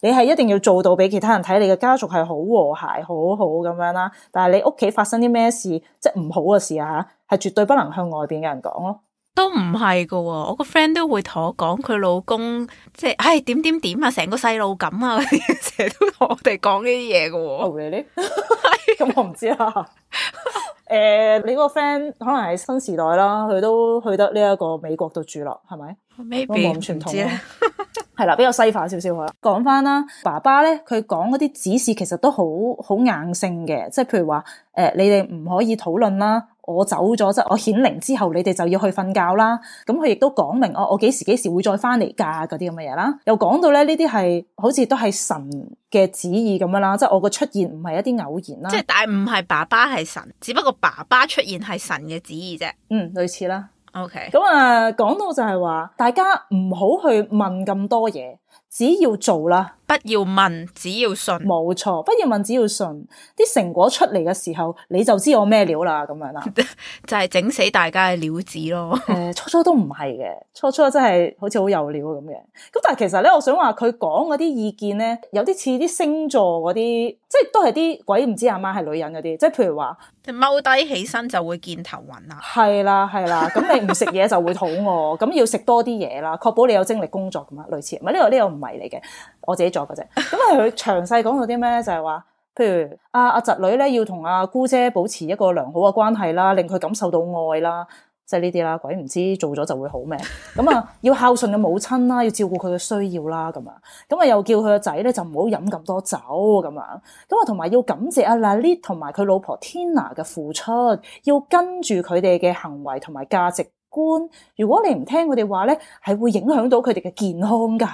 你係一定要做到俾其他人睇，你嘅家族係好和諧，好好咁樣啦。但係你屋企發生啲咩事，即係唔好嘅事啊，係絕對不能向外邊嘅人講囉。都唔係噶，我個 friend 都會同我講佢老公即係唉點點點啊，成個細路咁啊，成日都同我哋講呢啲嘢噶。咁、oh, really? [LAUGHS] 我唔知啦。誒， [LAUGHS] uh, 你個 friend 可能係新時代啦，佢都去得呢一個美國度住啦，係咪？Maybe, 我冇咁傳統，係 [LAUGHS] 啦，比較西化少少啊。講翻啦，爸爸咧，佢講嗰啲指示其實都好好硬性嘅，即係譬如話，誒、呃，你哋唔可以討論啦。我走咗啫，即係、我顯靈之後，你哋就要去瞓覺啦。咁佢亦都講明哦，我幾時幾時會再翻嚟㗎，嗰啲咁嘅嘢啦。又講到咧，呢啲係好似都係神嘅旨意咁樣啦，即係我個出現唔係一啲偶然啦。即係，但係唔係爸爸係神，只不過爸爸出現係神嘅旨意啫。嗯，類似啦。OK，咁啊、嗯，講到就係話，大家唔好去問咁多嘢。只要做啦，不要要，不要問，只要信，冇錯。不要問，只要信，啲成果出嚟嘅時候，你就知我咩料啦，咁樣啦， [LAUGHS] 就係整死大家嘅料子咯。呃，初初都唔係嘅，初初真係好似好有料咁嘅。咁但係其實咧，我想話佢講嗰啲意見咧，有啲似啲星座嗰啲，即係都係啲鬼唔知阿媽係女人嗰啲，即係譬如話踎低起身就會見頭暈啦，係啦係啦。咁 [LAUGHS] 你唔食嘢就會肚餓，咁要食多啲嘢啦，確保你有精力工作咁啊，類似。唔係呢個呢都唔係嚟嘅，我自己做嘅啫。咁啊，佢詳細講到啲咩咧？就係、是、話，譬如阿阿、啊、侄女咧，要同阿、啊、姑姐保持一個良好嘅關係啦，令佢感受到愛啦，即係呢啲啦。鬼唔知做咗就會好咩？咁啊，要孝順嘅母親啦，要照顧佢嘅需要啦，咁啊，咁啊又叫佢個仔咧就唔好飲咁多酒咁樣。咁啊，同埋要感謝阿 Lily 同埋佢老婆 Tina 嘅付出，要跟住佢哋嘅行為同埋價值。官，如果你唔聽佢哋話咧，係會影響到佢哋嘅健康噶。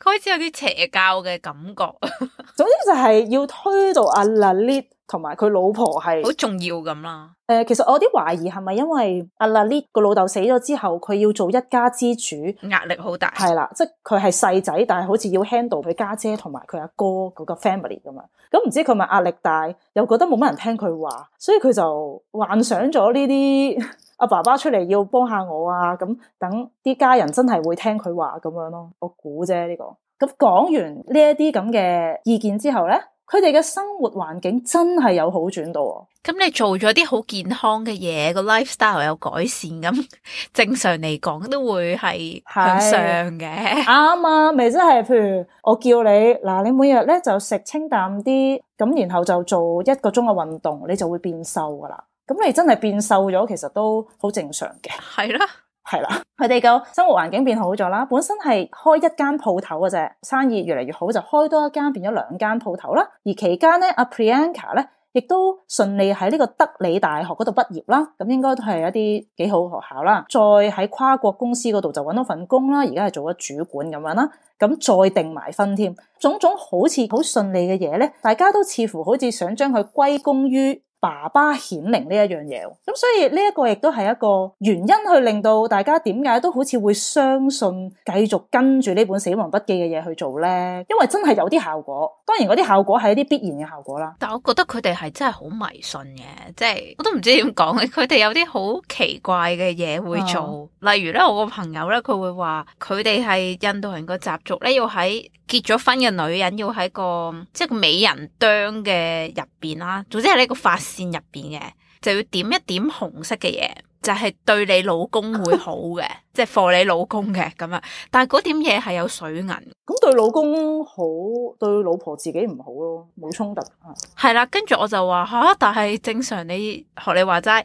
開始有啲邪教嘅感覺。 [LAUGHS] 總之就係要推到阿 Lalit 同埋佢老婆係好重要咁啦。誒、呃，其實我有啲懷疑係咪因為阿 Lalit 個老豆死咗之後，佢要做一家之主，壓力好大。係啦，即係佢係細仔，但係好似要 handle 佢家姐同埋佢阿哥嗰個 family 噶嘛。咁、嗯、唔知佢咪壓力大，又覺得冇乜人聽佢話，所以佢就幻想咗呢啲。 [LAUGHS] 阿爸爸出嚟要幫下我啊！咁等啲家人真係會聽佢話咁樣咯，我估啫呢個。咁講完呢一啲咁嘅意見之後咧，佢哋嘅生活環境真係有好轉到。咁你做咗啲好健康嘅嘢，個 lifestyle 有改善咁，正常嚟講都會係向上嘅。啱。是 [LAUGHS] 啊，咪真係譬如我叫你嗱，你每日咧就食清淡啲，咁然後就做一個鐘嘅運動，你就會變瘦噶啦。咁你真係變瘦咗，其實都好正常嘅。係啦的，係啦，佢哋嘅生活環境變好咗啦。本身係開一間鋪頭嘅啫，生意越嚟越好，就開多一間，變咗兩間鋪頭啦。而期間咧，阿 Priyanka 咧，亦都順利喺呢個德里大學嗰度畢業啦。咁應該都係一啲幾好學校啦。再喺跨國公司嗰度就揾到份工啦，而家係做咗主管咁樣啦。咁再定埋分添，種種好似好順利嘅嘢咧，大家都似乎好似想將佢歸功於。爸爸顯靈呢一樣嘢，咁所以呢一個亦都係一個原因去令到大家點解都好似會相信繼續跟住呢本死亡筆記嘅嘢去做呢？因為真係有啲效果。當然嗰啲效果係一啲必然嘅效果啦。但我覺得佢哋係真係好迷信嘅，即係我都唔知點講。佢哋有啲好奇怪嘅嘢會做，嗯、例如呢，我個朋友呢，佢會話佢哋係印度人個習俗呢，要喺。結咗婚嘅女人要喺個即係個美人樁嘅入邊啦，總之係呢個髮線入邊嘅，就要點一點紅色嘅嘢，就係對你老公會好嘅，即係 for 你老公嘅咁啊。但係嗰點嘢係有水銀，咁對老公好，對老婆自己唔好咯，冇衝突啊。係啦，跟住我就話吓，但係正常你學你話齋，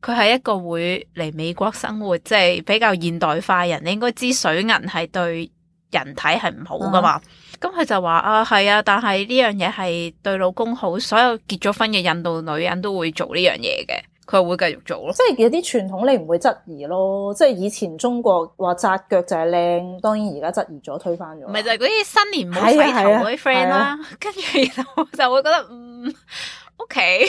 佢係一個會嚟美國生活，即係比較現代化人，你應該知水銀係對。人體係唔好噶嘛，咁佢、啊、就話啊係啊，但係呢樣嘢係對老公好，所有結咗婚嘅印度女人都會做呢樣嘢嘅，佢會繼續做咯。即係有啲傳統你唔會質疑咯，即係以前中國話紮腳就係靚，當然而家質疑咗，推翻咗。唔係就係嗰啲新年冇洗頭嗰啲 friend 啦，跟住、啊啊、我就會覺得嗯。O Okay . K，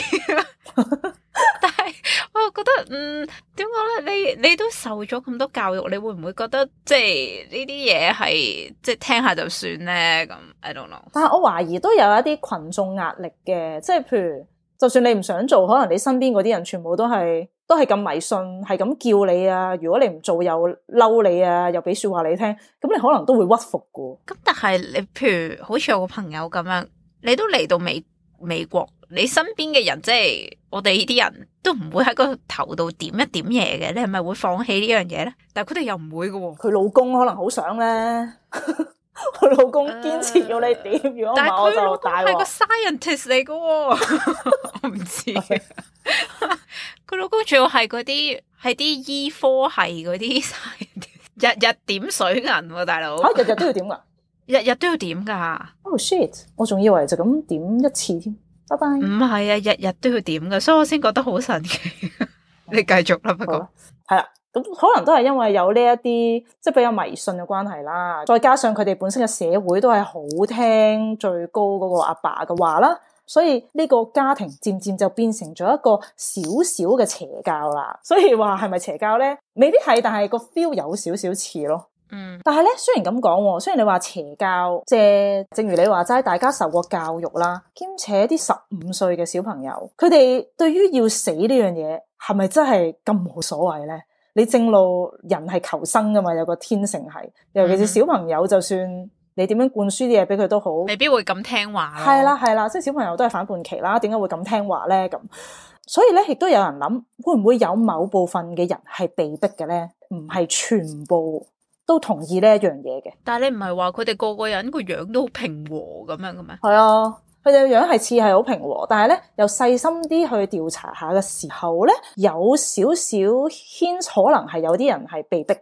[LAUGHS] 但係我又覺得，嗯，點講咧？你你都受咗咁多教育，你會唔會覺得，即係呢啲嘢係即係聽下就算咧？咁 I don't know。但係我懷疑都有一啲群眾壓力嘅，即係譬如，就算你唔想做，可能你身邊嗰啲人全部都係都係咁迷信，係咁叫你啊！如果你唔做又嬲你啊，又俾說話你聽，咁你可能都會屈服㗎。咁但係你譬如好似我個朋友咁樣，你都嚟到美美國。你身邊嘅人即係、就是、我哋呢啲人都唔會喺個頭度點一點嘢嘅，你係咪會放棄呢樣嘢咧？但係佢哋又唔會嘅、哦。佢老公可能好想咧，佢 [LAUGHS] 老公堅持要你點，如果唔係我就大。佢老公係個 scientist 嚟嘅，哦，我唔知。佢老公仲要、e、係嗰啲係啲醫科係嗰啲日日點水銀、啊，大佬日日都要點噶，日日 [LAUGHS] 都要點噶。Oh shit！我仲以為，以為就咁點一次添。拜拜，唔係啊，日日都要點噶，所以我先覺得好神奇。 [LAUGHS] 你繼續啦，不過係啦，咁可能都係因為有呢一啲即係比較迷信嘅關係啦，再加上佢哋本身嘅社會都係好聽最高嗰個阿爸嘅話啦，所以呢個家庭漸漸就變成咗一個小小嘅邪教啦。所以話係咪邪教咧？未必係，但係個 feel 有少少似咯。嗯，但係咧，雖然咁講喎，雖然你話邪教，即係正如你話齋，大家受過教育啦，兼且啲十五歲嘅小朋友，佢哋對於要死呢樣嘢係咪真係咁無所謂咧？你正路人係求生噶嘛，有個天性係，尤其是小朋友，就算你點樣灌輸啲嘢俾佢都好，未必會咁聽話。係啦，係啦，係啦，即係小朋友都係反叛期啦，點解會咁聽話咧？咁所以咧，亦都有人諗，會唔會有某部分嘅人係被逼嘅咧？唔係全部。都同意呢一樣嘢嘅，但係你唔係話佢哋個個人個樣都好平和咁 [NOISE] [NOISE] [NOISE] 樣嘅咩？係啊，佢哋個樣係似係好平和，但係咧，又細心啲去調查下嘅時候咧，有少少 hint 可能係有啲人係被逼，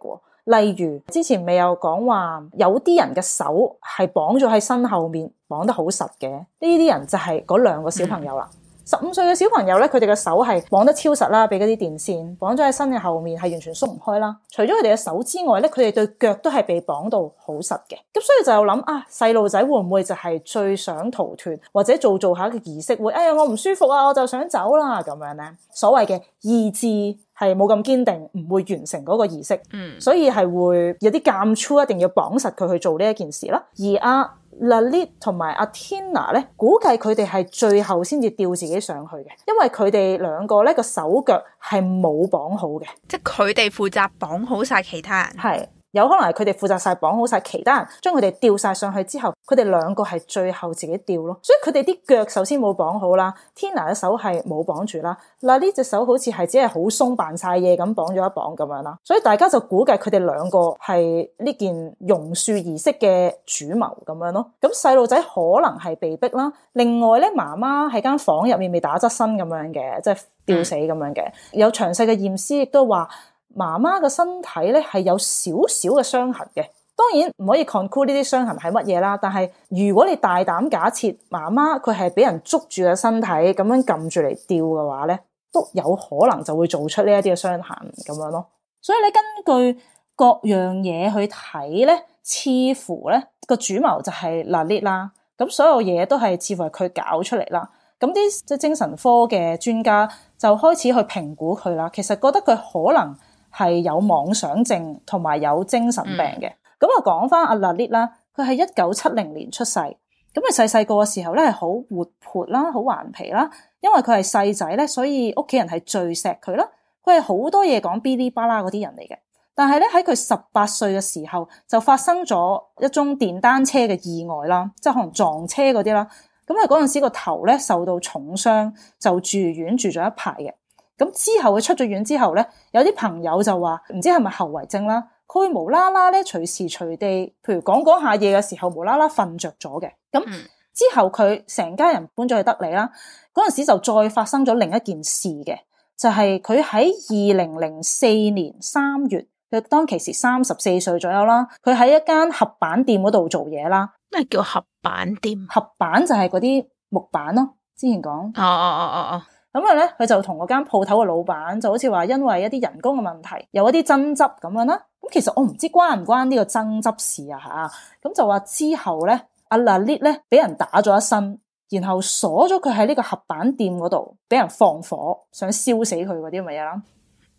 例如之前未有講話，有啲人嘅手係綁咗喺身後面，綁得好實嘅，呢啲人就係嗰兩個小朋友啦。 [LAUGHS] 十五歲嘅小朋友咧，佢哋嘅手係綁得超實啦，俾嗰啲電線綁咗喺身嘅後面，係完全鬆唔開啦。除咗佢哋嘅手之外咧，佢哋對腳都係被綁到好實嘅。咁所以就諗啊，細路仔會唔會就係最想逃脫，或者做一做下嘅儀式會？哎呀，我唔舒服啊，我就想走啦咁樣咧。所謂嘅意志係冇咁堅定，唔會完成嗰個儀式，嗯、所以係會有啲監粗一定要綁實佢去做呢一件事啦。而啊。Lalit 呢同埋阿天娜咧，估計佢哋係最後先至吊自己上去嘅，因為佢哋兩個咧，個手腳係冇綁好嘅，即係佢哋負責綁好晒其他人。係。有可能係佢哋負責晒綁好晒其他人將佢哋吊晒上去之後，佢哋兩個係最後自己吊咯。所以佢哋啲腳首先冇綁好啦，Tina 嘅手係冇綁住啦。嗱呢隻手好似係只係好鬆扮晒嘢咁綁咗一綁咁樣啦。所以大家就估計佢哋兩個係呢件榕樹儀式嘅主謀咁樣咯。咁細路仔可能係被逼啦。另外咧，媽媽喺間房入面未打側身咁樣嘅，即係吊死咁樣嘅。有詳細嘅驗屍亦都話。媽媽嘅身體咧係有少少嘅傷痕嘅，當然唔可以 conclude 呢啲傷痕係乜嘢啦。但係如果你大膽假設媽媽佢係俾人捉住嘅身體咁樣撳住嚟吊嘅話咧，都有可能就會做出呢一啲嘅傷痕咁樣咯。所以你根據各樣嘢去睇咧，似乎咧個主謀就係 Lalit 啦，咁所有嘢都係似乎係佢搞出嚟啦。咁啲即係精神科嘅專家就開始去評估佢啦，其實覺得佢可能係有妄想症同埋有，有精神病嘅，咁啊講翻阿 Lalit 啦，佢係一九七零年出世，咁佢細細個嘅時候咧係好活潑啦，好頑皮啦，因為佢係細仔咧，所以屋企人係最錫佢啦。佢係好多嘢講，嗶哩巴啦嗰啲人嚟嘅。但係咧喺佢十八歲嘅時候就發生咗一宗電單車嘅意外啦，即係可能撞車嗰啲啦。咁啊嗰陣時個頭咧受到重傷，就住院住咗一排嘅。咁之後佢出咗院之後咧，有啲朋友就話唔知係咪後遺症啦，佢會無啦啦咧，隨時隨地，譬如講講下嘢嘅時候，無啦啦瞓着咗嘅。咁之後佢成家人搬咗去德里啦，嗰陣時就再發生咗另一件事嘅，就係佢喺二零零四年三月，佢當其時三十四歲左右啦，佢喺一間合板店嗰度做嘢啦。咩叫合板店？合板就係嗰啲木板咯。之前講。哦哦哦哦哦。咁啊咧，佢就同嗰間鋪頭嘅老闆，就好似話因為一啲人工嘅問題，有一啲爭執咁樣啦。咁其實我唔知關唔關呢個爭執事啊吓。咁就話之後咧，阿 Lalit 咧俾人打咗一身，然後鎖咗佢喺呢個合板店嗰度，俾人放火，想燒死佢嗰啲咁嘅嘢啦。咁、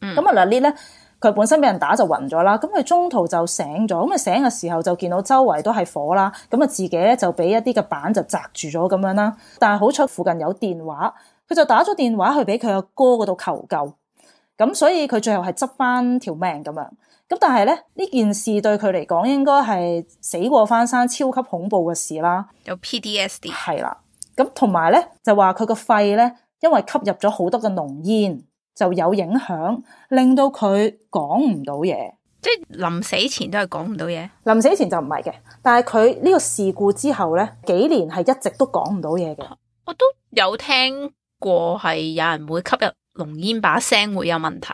嗯、阿 Lalit 咧，佢本身俾人打就暈咗啦，咁佢中途就醒咗，咁啊醒嘅時候就見到周圍都係火啦，咁啊自己咧就俾一啲嘅板就砸住咗咁樣啦。但係好彩附近有電話。佢就打咗電話去俾佢阿哥嗰度求救，咁所以佢最後係執翻條命咁樣。咁但係咧呢件事對佢嚟講，應該係死過翻生超級恐怖嘅事啦。有 PDSD 係啦，咁同埋咧就話佢個肺咧因為吸入咗好多嘅濃煙就有影響，令到佢講唔到嘢。即係臨死前都係講唔到嘢。臨死前就唔係嘅，但係佢呢個事故之後咧幾年係一直都講唔到嘢嘅。我都有聽。過係有人會吸入濃煙，把聲會有問題，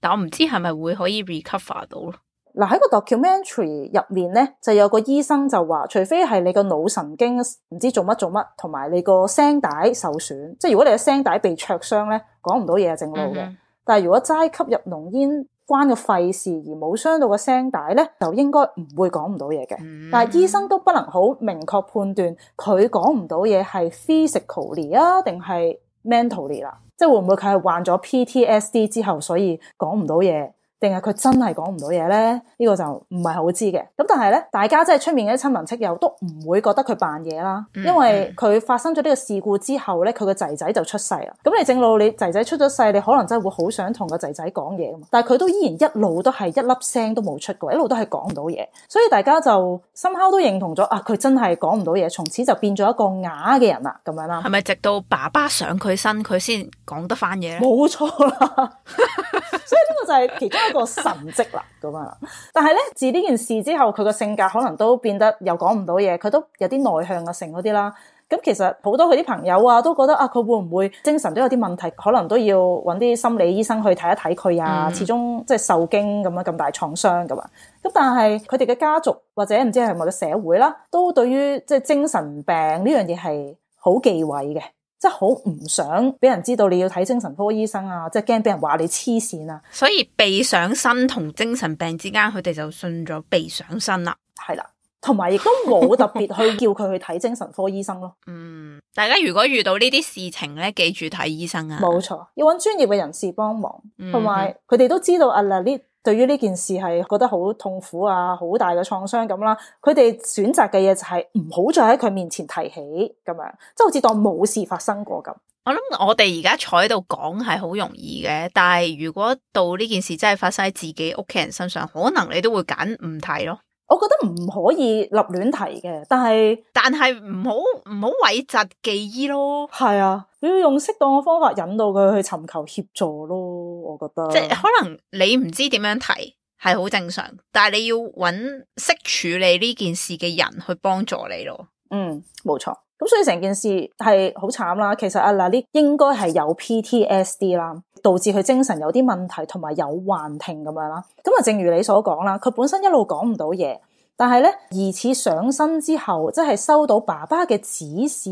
但我唔知係咪會可以 recover 到咯。嗱喺、啊、個 documentary 入面咧，就有個醫生就話，除非係你個腦神經唔知做乜做乜，同埋你個聲帶受損，即係如果你嘅聲帶被灼傷咧，講唔到嘢係正路嘅。Mm hmm. 但係如果齋吸入濃煙，關個肺事而冇傷到個聲帶咧，就應該唔會講唔到嘢嘅。Mm hmm. 但係醫生都不能好明確判斷，佢講唔到嘢係 physically 啊，定係？Mentally 啦，即係會唔會佢係患咗 PTSD 之後，所以講唔到嘢定係佢真係講唔到嘢咧？呢、呢個就唔係好知嘅。咁但係咧，大家即係出面嗰啲親朋戚友都唔會覺得佢扮嘢啦，嗯嗯、因為佢發生咗呢個事故之後咧，佢個仔仔就出世啦。咁你正路，你仔仔出咗世，你可能真係會好想同個仔仔講嘢嘛。但係佢都依然一路都係一粒聲都冇出過，一路都係講唔到嘢。所以大家就 somehow 都認同咗啊，佢真係講唔到嘢，從此就變咗一個啞嘅人啦，咁樣啦。係咪直到爸爸上佢身，佢先講得翻嘢？冇錯錯啦。 [LAUGHS] [LAUGHS] [LAUGHS] 所以呢個就係其中一個神蹟啦，咁樣啦。但係咧，自呢件事之後，佢個性格可能都變得又講唔到嘢，佢都有啲內向嘅性嗰啲啦。咁其實好多佢啲朋友啊，都覺得啊，佢會唔會精神都有啲問題？可能都要搵啲心理醫生去睇一睇佢啊。嗯、始終即係受驚咁樣咁大創傷㗎嘛。咁但係佢哋嘅家族或者唔知係咪嘅社會啦，都對於即係精神病呢樣嘢係好忌諱嘅。即係好唔想俾人知道你要睇精神科醫生啊！即係驚俾人話你黐線啊！所以被上身同精神病之間，佢哋就信咗被上身啦，係啦，同埋亦都冇特別去叫佢去睇精神科醫生咯。 [LAUGHS] 嗯，大家如果遇到呢啲事情咧，記住睇醫生啊！冇錯，要搵專業嘅人士幫忙，同埋佢哋都知道阿 Lalit 對於呢件事係覺得好痛苦啊，好大嘅創傷咁啦，佢哋選擇嘅嘢就係唔好再喺佢面前提起咁樣，即係好似當冇事發生過咁。我諗我哋而家坐喺度講係好容易嘅，但係如果到呢件事真係發生喺自己屋企人身上，可能你都會揀唔提咯。我覺得唔可以立亂提嘅，但係但係唔好唔好諱疾忌醫咯。係啊，你要用適當嘅方法引導佢去尋求協助咯。我覺得即係可能你唔知點樣提係好正常，但係你要揾識處理呢件事嘅人去幫助你咯。嗯，冇錯。咁所以成件事係好慘啦，其實阿娜麗應該係有 PTSD 啦，導致佢精神有啲問題，同埋有，有幻聽咁樣啦。咁啊，正如你所講啦，佢本身一路講唔到嘢，但係咧疑似上身之後，即係收到爸爸嘅指示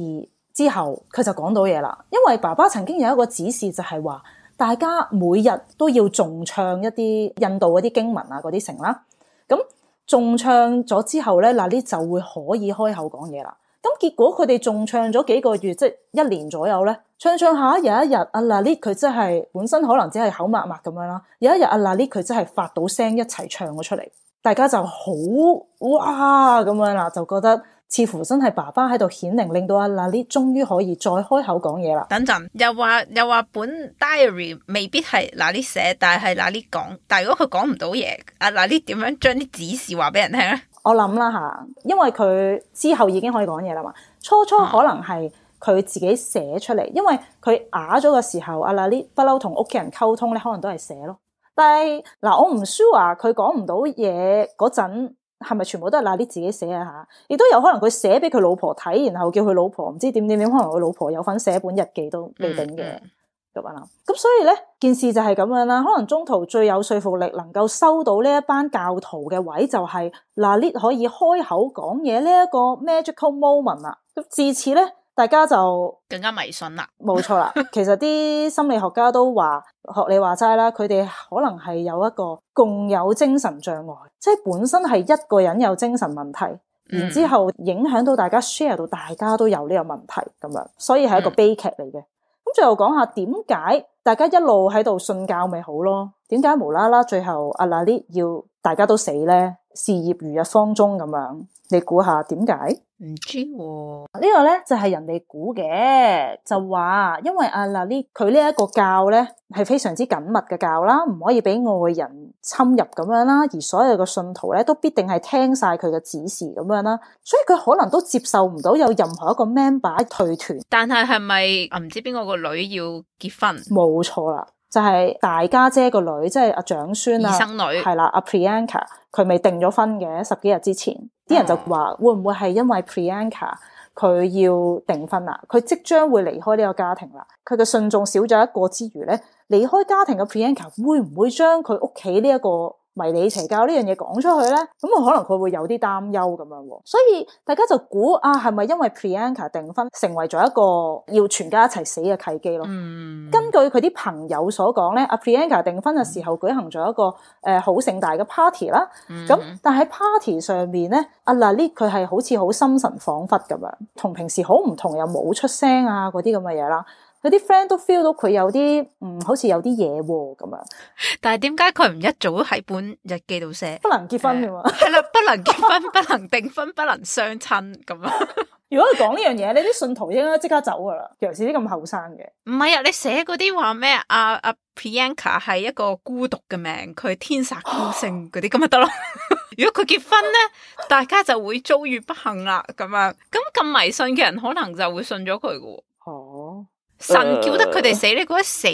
之後，佢就講到嘢啦。因為爸爸曾經有一個指示就係話，大家每日都要重唱一啲印度嗰啲經文啊，嗰啲成啦。咁重唱咗之後咧，娜麗就會可以開口講嘢啦。咁結果佢哋仲唱咗幾個月，即係一年左右咧，唱唱下。有一日，阿娜莉佢真係本身可能只係口默默咁樣啦。有一日，阿娜莉佢真係發到聲一齊唱咗出嚟，大家就好哇咁樣啦，就覺得似乎真係爸爸喺度顯靈，令到阿娜莉終於可以再開口講嘢啦。等陣又話又話本 diary 未必係娜莉寫，但係娜莉講。但係如果佢講唔到嘢，阿娜莉點樣將啲指示話俾人聽咧？我諗啦吓，因為佢之後已經可以講嘢啦嘛，初初可能係佢自己寫出嚟，因為佢啞咗嘅時候，阿娜麗不嬲同屋企人溝通咧，可能都係寫咯。但係嗱，我唔 sure 話佢講唔到嘢嗰陣係咪全部都係娜麗自己寫啊吓，亦都有可能佢寫俾佢老婆睇，然後叫佢老婆唔知點點點，可能佢老婆有份寫本日記都未定嘅。咁所以咧，件事就係咁樣啦。可能中途最有說服力，能夠收到呢一班教徒嘅位，就係 Lalit 可以開口講嘢呢一個 magical moment 啦。咁至此咧，大家就更加迷信啦。冇錯啦，其實啲心理學家都話學你話齋啦，佢哋可能係有一個共有精神障礙，即係本身係一個人有精神問題，然之後影響到大家 share 到大家都有呢個問題咁樣，所以係一個悲劇嚟嘅。最後講下點解大家一路喺度信教咪好咯？點解無啦啦最後阿拉要大家都死呢？事業如日方中咁樣，你估下點解？唔知、啊、個呢個咧就係人哋估嘅，就話、是、因為啊嗱呢佢呢一個教咧係非常之緊密嘅教啦，唔可以俾外人侵入咁樣啦，而所有嘅信徒咧都必定係聽晒佢嘅指示咁樣啦，所以佢可能都接受唔到有任何一個 member 退團。但係係咪唔知邊個個女要結婚？冇錯啦，就係、是、大家姐個女，即係阿、啊、長孫啊，生女。係啦、啊，阿、啊、Priyanka，佢未訂咗婚嘅，十幾日之前。啲人就話：會唔會係因為 Priyanka 佢要訂婚啦，佢即將會離開呢個家庭啦，佢嘅信眾少咗一個之餘咧，離開家庭嘅 Priyanka 會唔會將佢屋企呢一個迷你邪教呢樣嘢講出去咧，咁我可能佢會有啲擔憂咁樣喎，所以大家就估啊，係咪因為 Priyanka 訂婚成為咗一個要全家一齊死嘅契機咯？Mm hmm. 根據佢啲朋友所講咧，阿 Priyanka 訂婚嘅時候舉行咗一個誒好、呃、盛大嘅 party 啦，咁、mm hmm. 但喺 party 上面咧，阿、啊、Lalit 佢係好似好心神恍惚咁樣，同平時好唔同又冇出聲啊嗰啲咁嘅嘢啦。朋友有啲 friend 都 feel 到佢有啲嗯，好似有啲嘢喎咁啊！樣但係點解佢唔一早喺本日記度寫？不能結婚嘅嘛？係啦、呃，不能結婚， [LAUGHS] 不能訂婚，不能相親咁啊！ [LAUGHS] 如果佢講呢樣嘢，你啲信徒應該即刻走噶啦！尤其是啲咁後生嘅。唔係啊，你寫嗰啲話咩啊啊 Priyanka 係一個孤獨嘅命，佢天煞孤星嗰啲咁咪得咯。 [LAUGHS] [LAUGHS] 如果佢結婚咧， [LAUGHS] 大家就會遭遇不幸啦。咁樣咁咁迷信嘅人，可能就會信咗佢嘅。神叫得佢哋死，你覺得死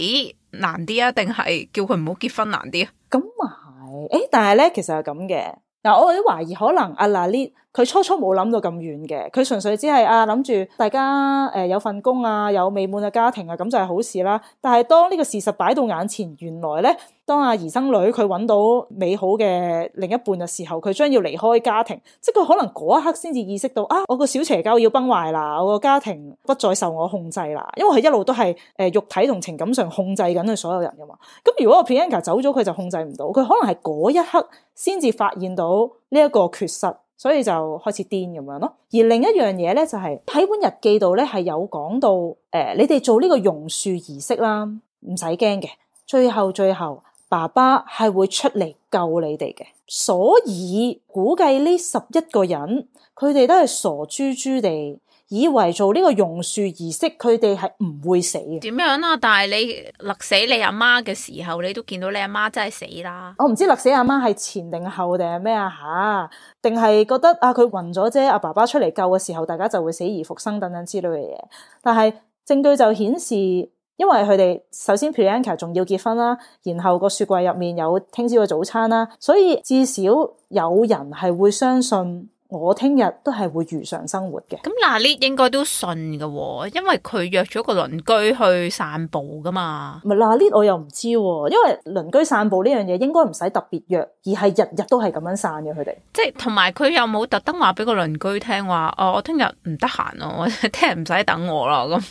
難啲啊，定係叫佢唔好結婚難啲啊？咁啊係，誒、欸，但係咧，其實係咁嘅。嗱，我有啲懷疑，可能阿娜麗。佢初初冇諗到咁遠嘅，佢純粹只係啊諗住大家誒、呃、有份工啊，有美滿嘅家庭啊，咁就係好事啦。但係當呢個事實擺到眼前，原來呢，當阿姨甥女佢揾到美好嘅另一半嘅時候，佢將要離開家庭，即係佢可能嗰一刻先至意識到啊，我個小邪教要崩壞啦，我個家庭不再受我控制啦，因為佢一路都係誒、呃、肉體同情感上控制緊佢所有人嘅嘛。咁如果個 Priyanka 走咗，佢就控制唔到，佢可能係嗰一刻先至發現到呢一個缺失。所以就開始癲咁樣咯，而另一樣嘢咧就係睇本日記度咧係有講到，誒、呃、你哋做呢個榕樹儀式啦，唔使驚嘅，最後最後爸爸係會出嚟救你哋嘅，所以估計呢十一個人佢哋都係傻豬豬哋。以為做呢個榕樹儀式，佢哋係唔會死嘅。點樣啦、啊？但係你勒死你阿媽嘅時候，你都見到你阿媽真係死啦。我唔知勒死阿媽係前定後定係咩啊嚇？定係覺得啊佢暈咗啫？阿爸爸出嚟救嘅時候，大家就會死而復生等等之類嘅嘢。但係證據就顯示，因為佢哋首先 Priyanka 仲要結婚啦，然後個雪櫃入面有聽朝嘅早餐啦，所以至少有人係會相信。我聽日都係會如常生活嘅。咁嗱，呢應該都信㗎喎，因為佢約咗個鄰居去散步噶嘛。唔係，嗱，呢我又唔知喎，因為鄰居散步呢樣嘢，應該唔使特別約，而係日日都係咁樣散嘅佢哋。即係同埋佢有冇特登話俾個鄰居聽，話哦，我聽日唔得閒哦，我聽日唔使等我啦。咁，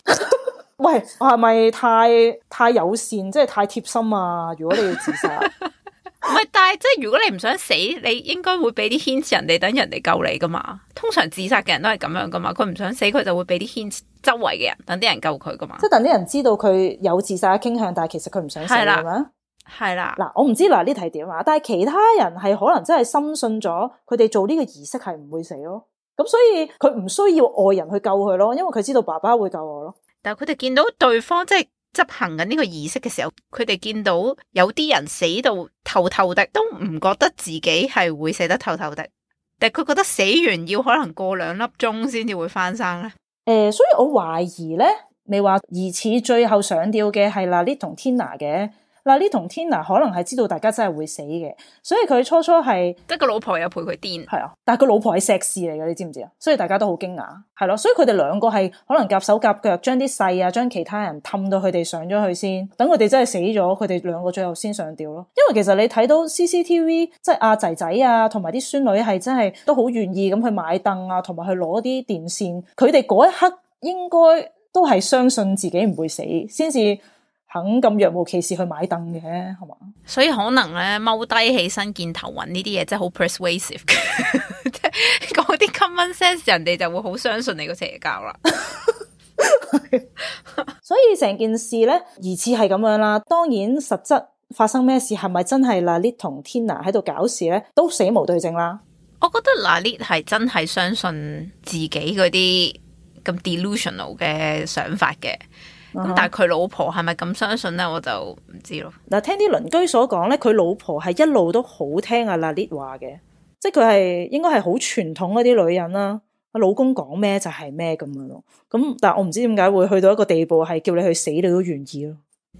[LAUGHS] 喂，我係咪太太友善，即係太貼心啊？如果你要自殺。 [LAUGHS] 唔係， [LAUGHS] 但係即係如果你唔想死，你應該會俾啲 hint 人哋，等人哋救你噶嘛。通常自殺嘅人都係咁樣噶嘛，佢唔想死，佢就會俾啲 hint 周圍嘅人，等啲人救佢噶嘛。即係等啲人知道佢有自殺傾向，但係其實佢唔想死係咪啊？係啦。嗱，我唔知嗱呢題點啊，但係其他人係可能真係深信咗，佢哋做呢個儀式係唔會死咯。咁所以佢唔需要外人去救佢咯，因為佢知道爸爸會救我咯。但係佢哋見到對方即係。就是執行緊呢個儀式嘅時候，佢哋見到有啲人死到透透的，都唔覺得自己係會死得透透的，但佢覺得死完要可能過兩粒鐘先至會翻生咧。誒、呃，所以我懷疑咧，你話疑似最後上吊嘅係嗱呢同 Tina 嘅。嗱呢同 Tina 可能係知道大家真係會死嘅，所以佢初初係即係個老婆又陪佢癲，係啊，但係個老婆係石屎嚟嘅，你知唔知啊？所以大家都好驚訝，係咯、啊，所以佢哋兩個係可能夾手夾腳，將啲細啊，將其他人氹到佢哋上咗去先，等佢哋真係死咗，佢哋兩個最後先上吊咯。因為其實你睇到 CCTV 即係阿仔仔啊，同埋啲孫女係真係都好願意咁去買凳啊，同埋去攞啲電線，佢哋嗰一刻應該都係相信自己唔會死，先至。肯咁若無其事去買凳嘅，係嘛？所以可能咧踎低起身見頭暈呢啲嘢，真係好 persuasive 嘅、。 [LAUGHS] 就是。即講啲 common sense，人哋就會好相信你個邪教啦。 [LAUGHS] [LAUGHS] 所以成件事咧，疑似係咁樣啦。當然實質，實質發生咩事，係咪真係 Lalit 同 Tina 喺度搞事咧，都死無對證啦。我覺得 Lalit 係真係相信自己嗰啲咁 delusional 嘅想法嘅。咁、嗯、但係佢老婆係咪咁相信咧？我就唔知咯。嗱，聽啲鄰居所講咧，佢老婆係一路都好聽阿 Lalit 話嘅，即係佢係應該係好傳統嗰啲女人啦。阿老公講咩就係咩咁樣咯。咁但係我唔知點解會去到一個地步，係叫你去死你都願意咯。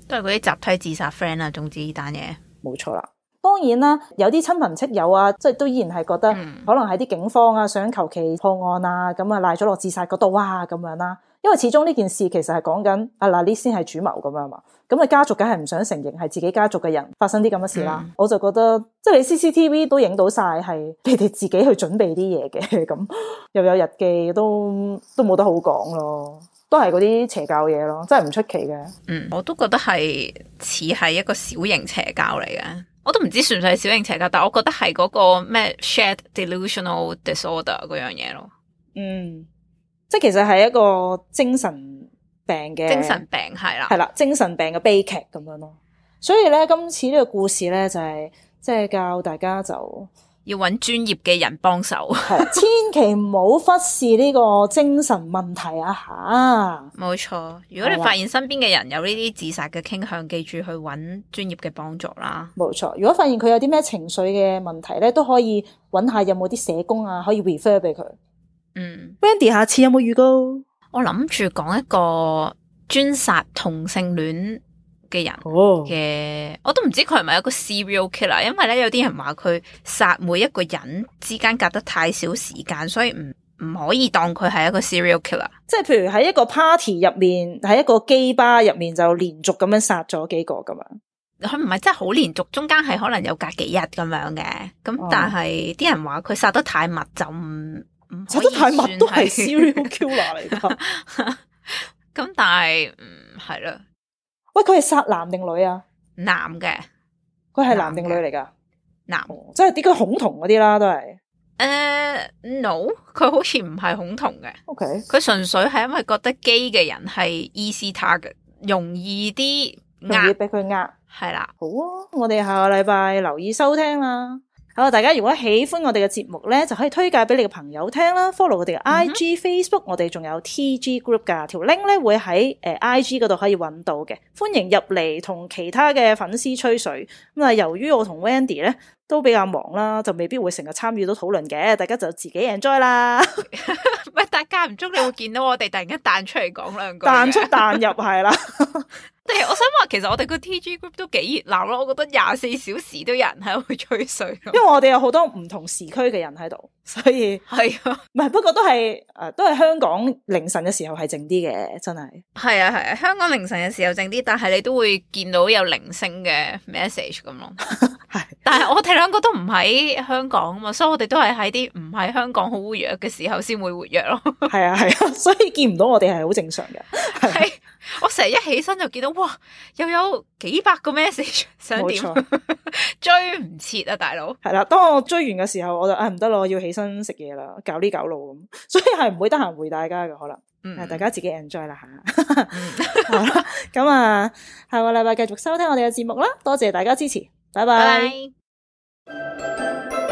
都係嗰啲集體自殺 friend 啊，總之呢單嘢冇錯啦。錯當然啦，有啲親朋戚友啊，即係都依然係覺得、嗯、可能係啲警方啊想求其破案啊，咁啊賴咗落自殺嗰度啊咁樣啦。因為始終呢件事其實係講緊阿 Lily 先係主謀咁樣嘛，咁啊家族梗係唔想承認係自己家族嘅人發生啲咁嘅事啦。嗯，我就覺得即係你 CCTV 都影到晒係你哋自己去準備啲嘢嘅，咁又有日記都都冇得好講咯，都係嗰啲邪教嘢咯，真係唔出奇嘅。嗯，我都覺得係似係一個小型邪教嚟嘅，我都唔知算唔算係小型邪教，但係我覺得係嗰、那個咩 shared delusional disorder 樣嘢咯。嗯。即其實係一個精神病嘅，精神病，係啦，係啦精神病嘅悲劇咁樣咯。所以咧，今次呢個故事咧就係即係教大家就要揾專業嘅人幫手， [LAUGHS] 千祈唔好忽視呢個精神問題啊吓！冇 [LAUGHS] 錯，如果你發現身邊嘅人有呢啲自殺嘅傾向，記住去揾專業嘅幫助啦。冇錯、嗯，如果發現佢有啲咩情緒嘅問題咧，都可以揾下有冇啲社工啊，可以 refer 俾佢。嗯，Wendy，、mm. 下次有冇預告？我諗住講一個專殺同性戀嘅人的，嘅、oh. 我都唔知佢係咪一個 serial killer，因為咧有啲人話佢殺每一個人之間隔得太少時間，所以唔唔可以當佢係一個 serial killer。即係譬如喺一個 party 入面，喺一個 gay bar 入面就連續咁樣殺咗幾個噶嘛？佢唔係真係好連續，中間係可能有隔幾日咁樣嘅，咁但係啲、oh. 人話佢殺得太密就唔。踩得太密都係 Serial Killer 嚟噶，咁 [LAUGHS] 但係，嗯，係啦。喂，佢係殺男定女啊？男嘅，佢係男定女嚟噶？男，哦、即係點解恐同嗰啲啦，都係。誒、uh,，no，佢好似唔係恐同嘅。O K，佢純粹係因為覺得 gay 嘅人係 easy target 嘅容易啲呃，俾佢呃。係啦的。好啊，我哋下個禮拜留意收聽啦、啊。好，大家如果喜歡我哋嘅節目咧，就可以推介俾你嘅朋友聽啦。follow 我哋嘅 IG、Facebook、嗯、哼我哋仲有 TG group 㗎。條 link 咧會喺誒、呃、IG 嗰度可以揾到嘅。歡迎入嚟同其他嘅粉絲吹水。咁啊，由於我同 Wendy 咧都比較忙啦，就未必會成日參與到討論嘅。大家就自己 enjoy 啦。唔 [LAUGHS] 係， [LAUGHS] 但間唔中你會見到我哋突然間彈出嚟講兩句。彈 [LAUGHS] 出彈入係啦。 [LAUGHS] 第日我想話，其實我哋個 T G group 都幾熱鬧咯。我覺得廿四小時都有人喺度吹水，因為我哋有好多唔同時區嘅人喺度，所以係啊，唔係不，不過都係誒，都係香港凌晨嘅時候係靜啲嘅，真係係啊係啊，香港凌晨嘅時候靜啲，但係你都會見到有零星嘅 message 咁咯。係， [LAUGHS] 啊、但係我哋兩個都唔喺香港啊嘛，所以我哋都係喺啲唔喺香港好活躍嘅時候先會活躍咯。係啊係啊，所以見唔到我哋係好正常嘅。係、啊啊，我成日一起身就見到。哇！又有幾百個 message，想點？沒錯 [LAUGHS] 追唔切啊，大佬。係啦，當我追完嘅時候，我就啊唔得咯，哎、我要起身食嘢啦，搞呢搞路咁，所以係唔會得閒回大家嘅可能。嗯，大家自己 enjoy 啦吓！好啦，咁啊，下個禮拜繼續收聽我哋嘅節目啦，多謝大家支持，拜拜。Bye bye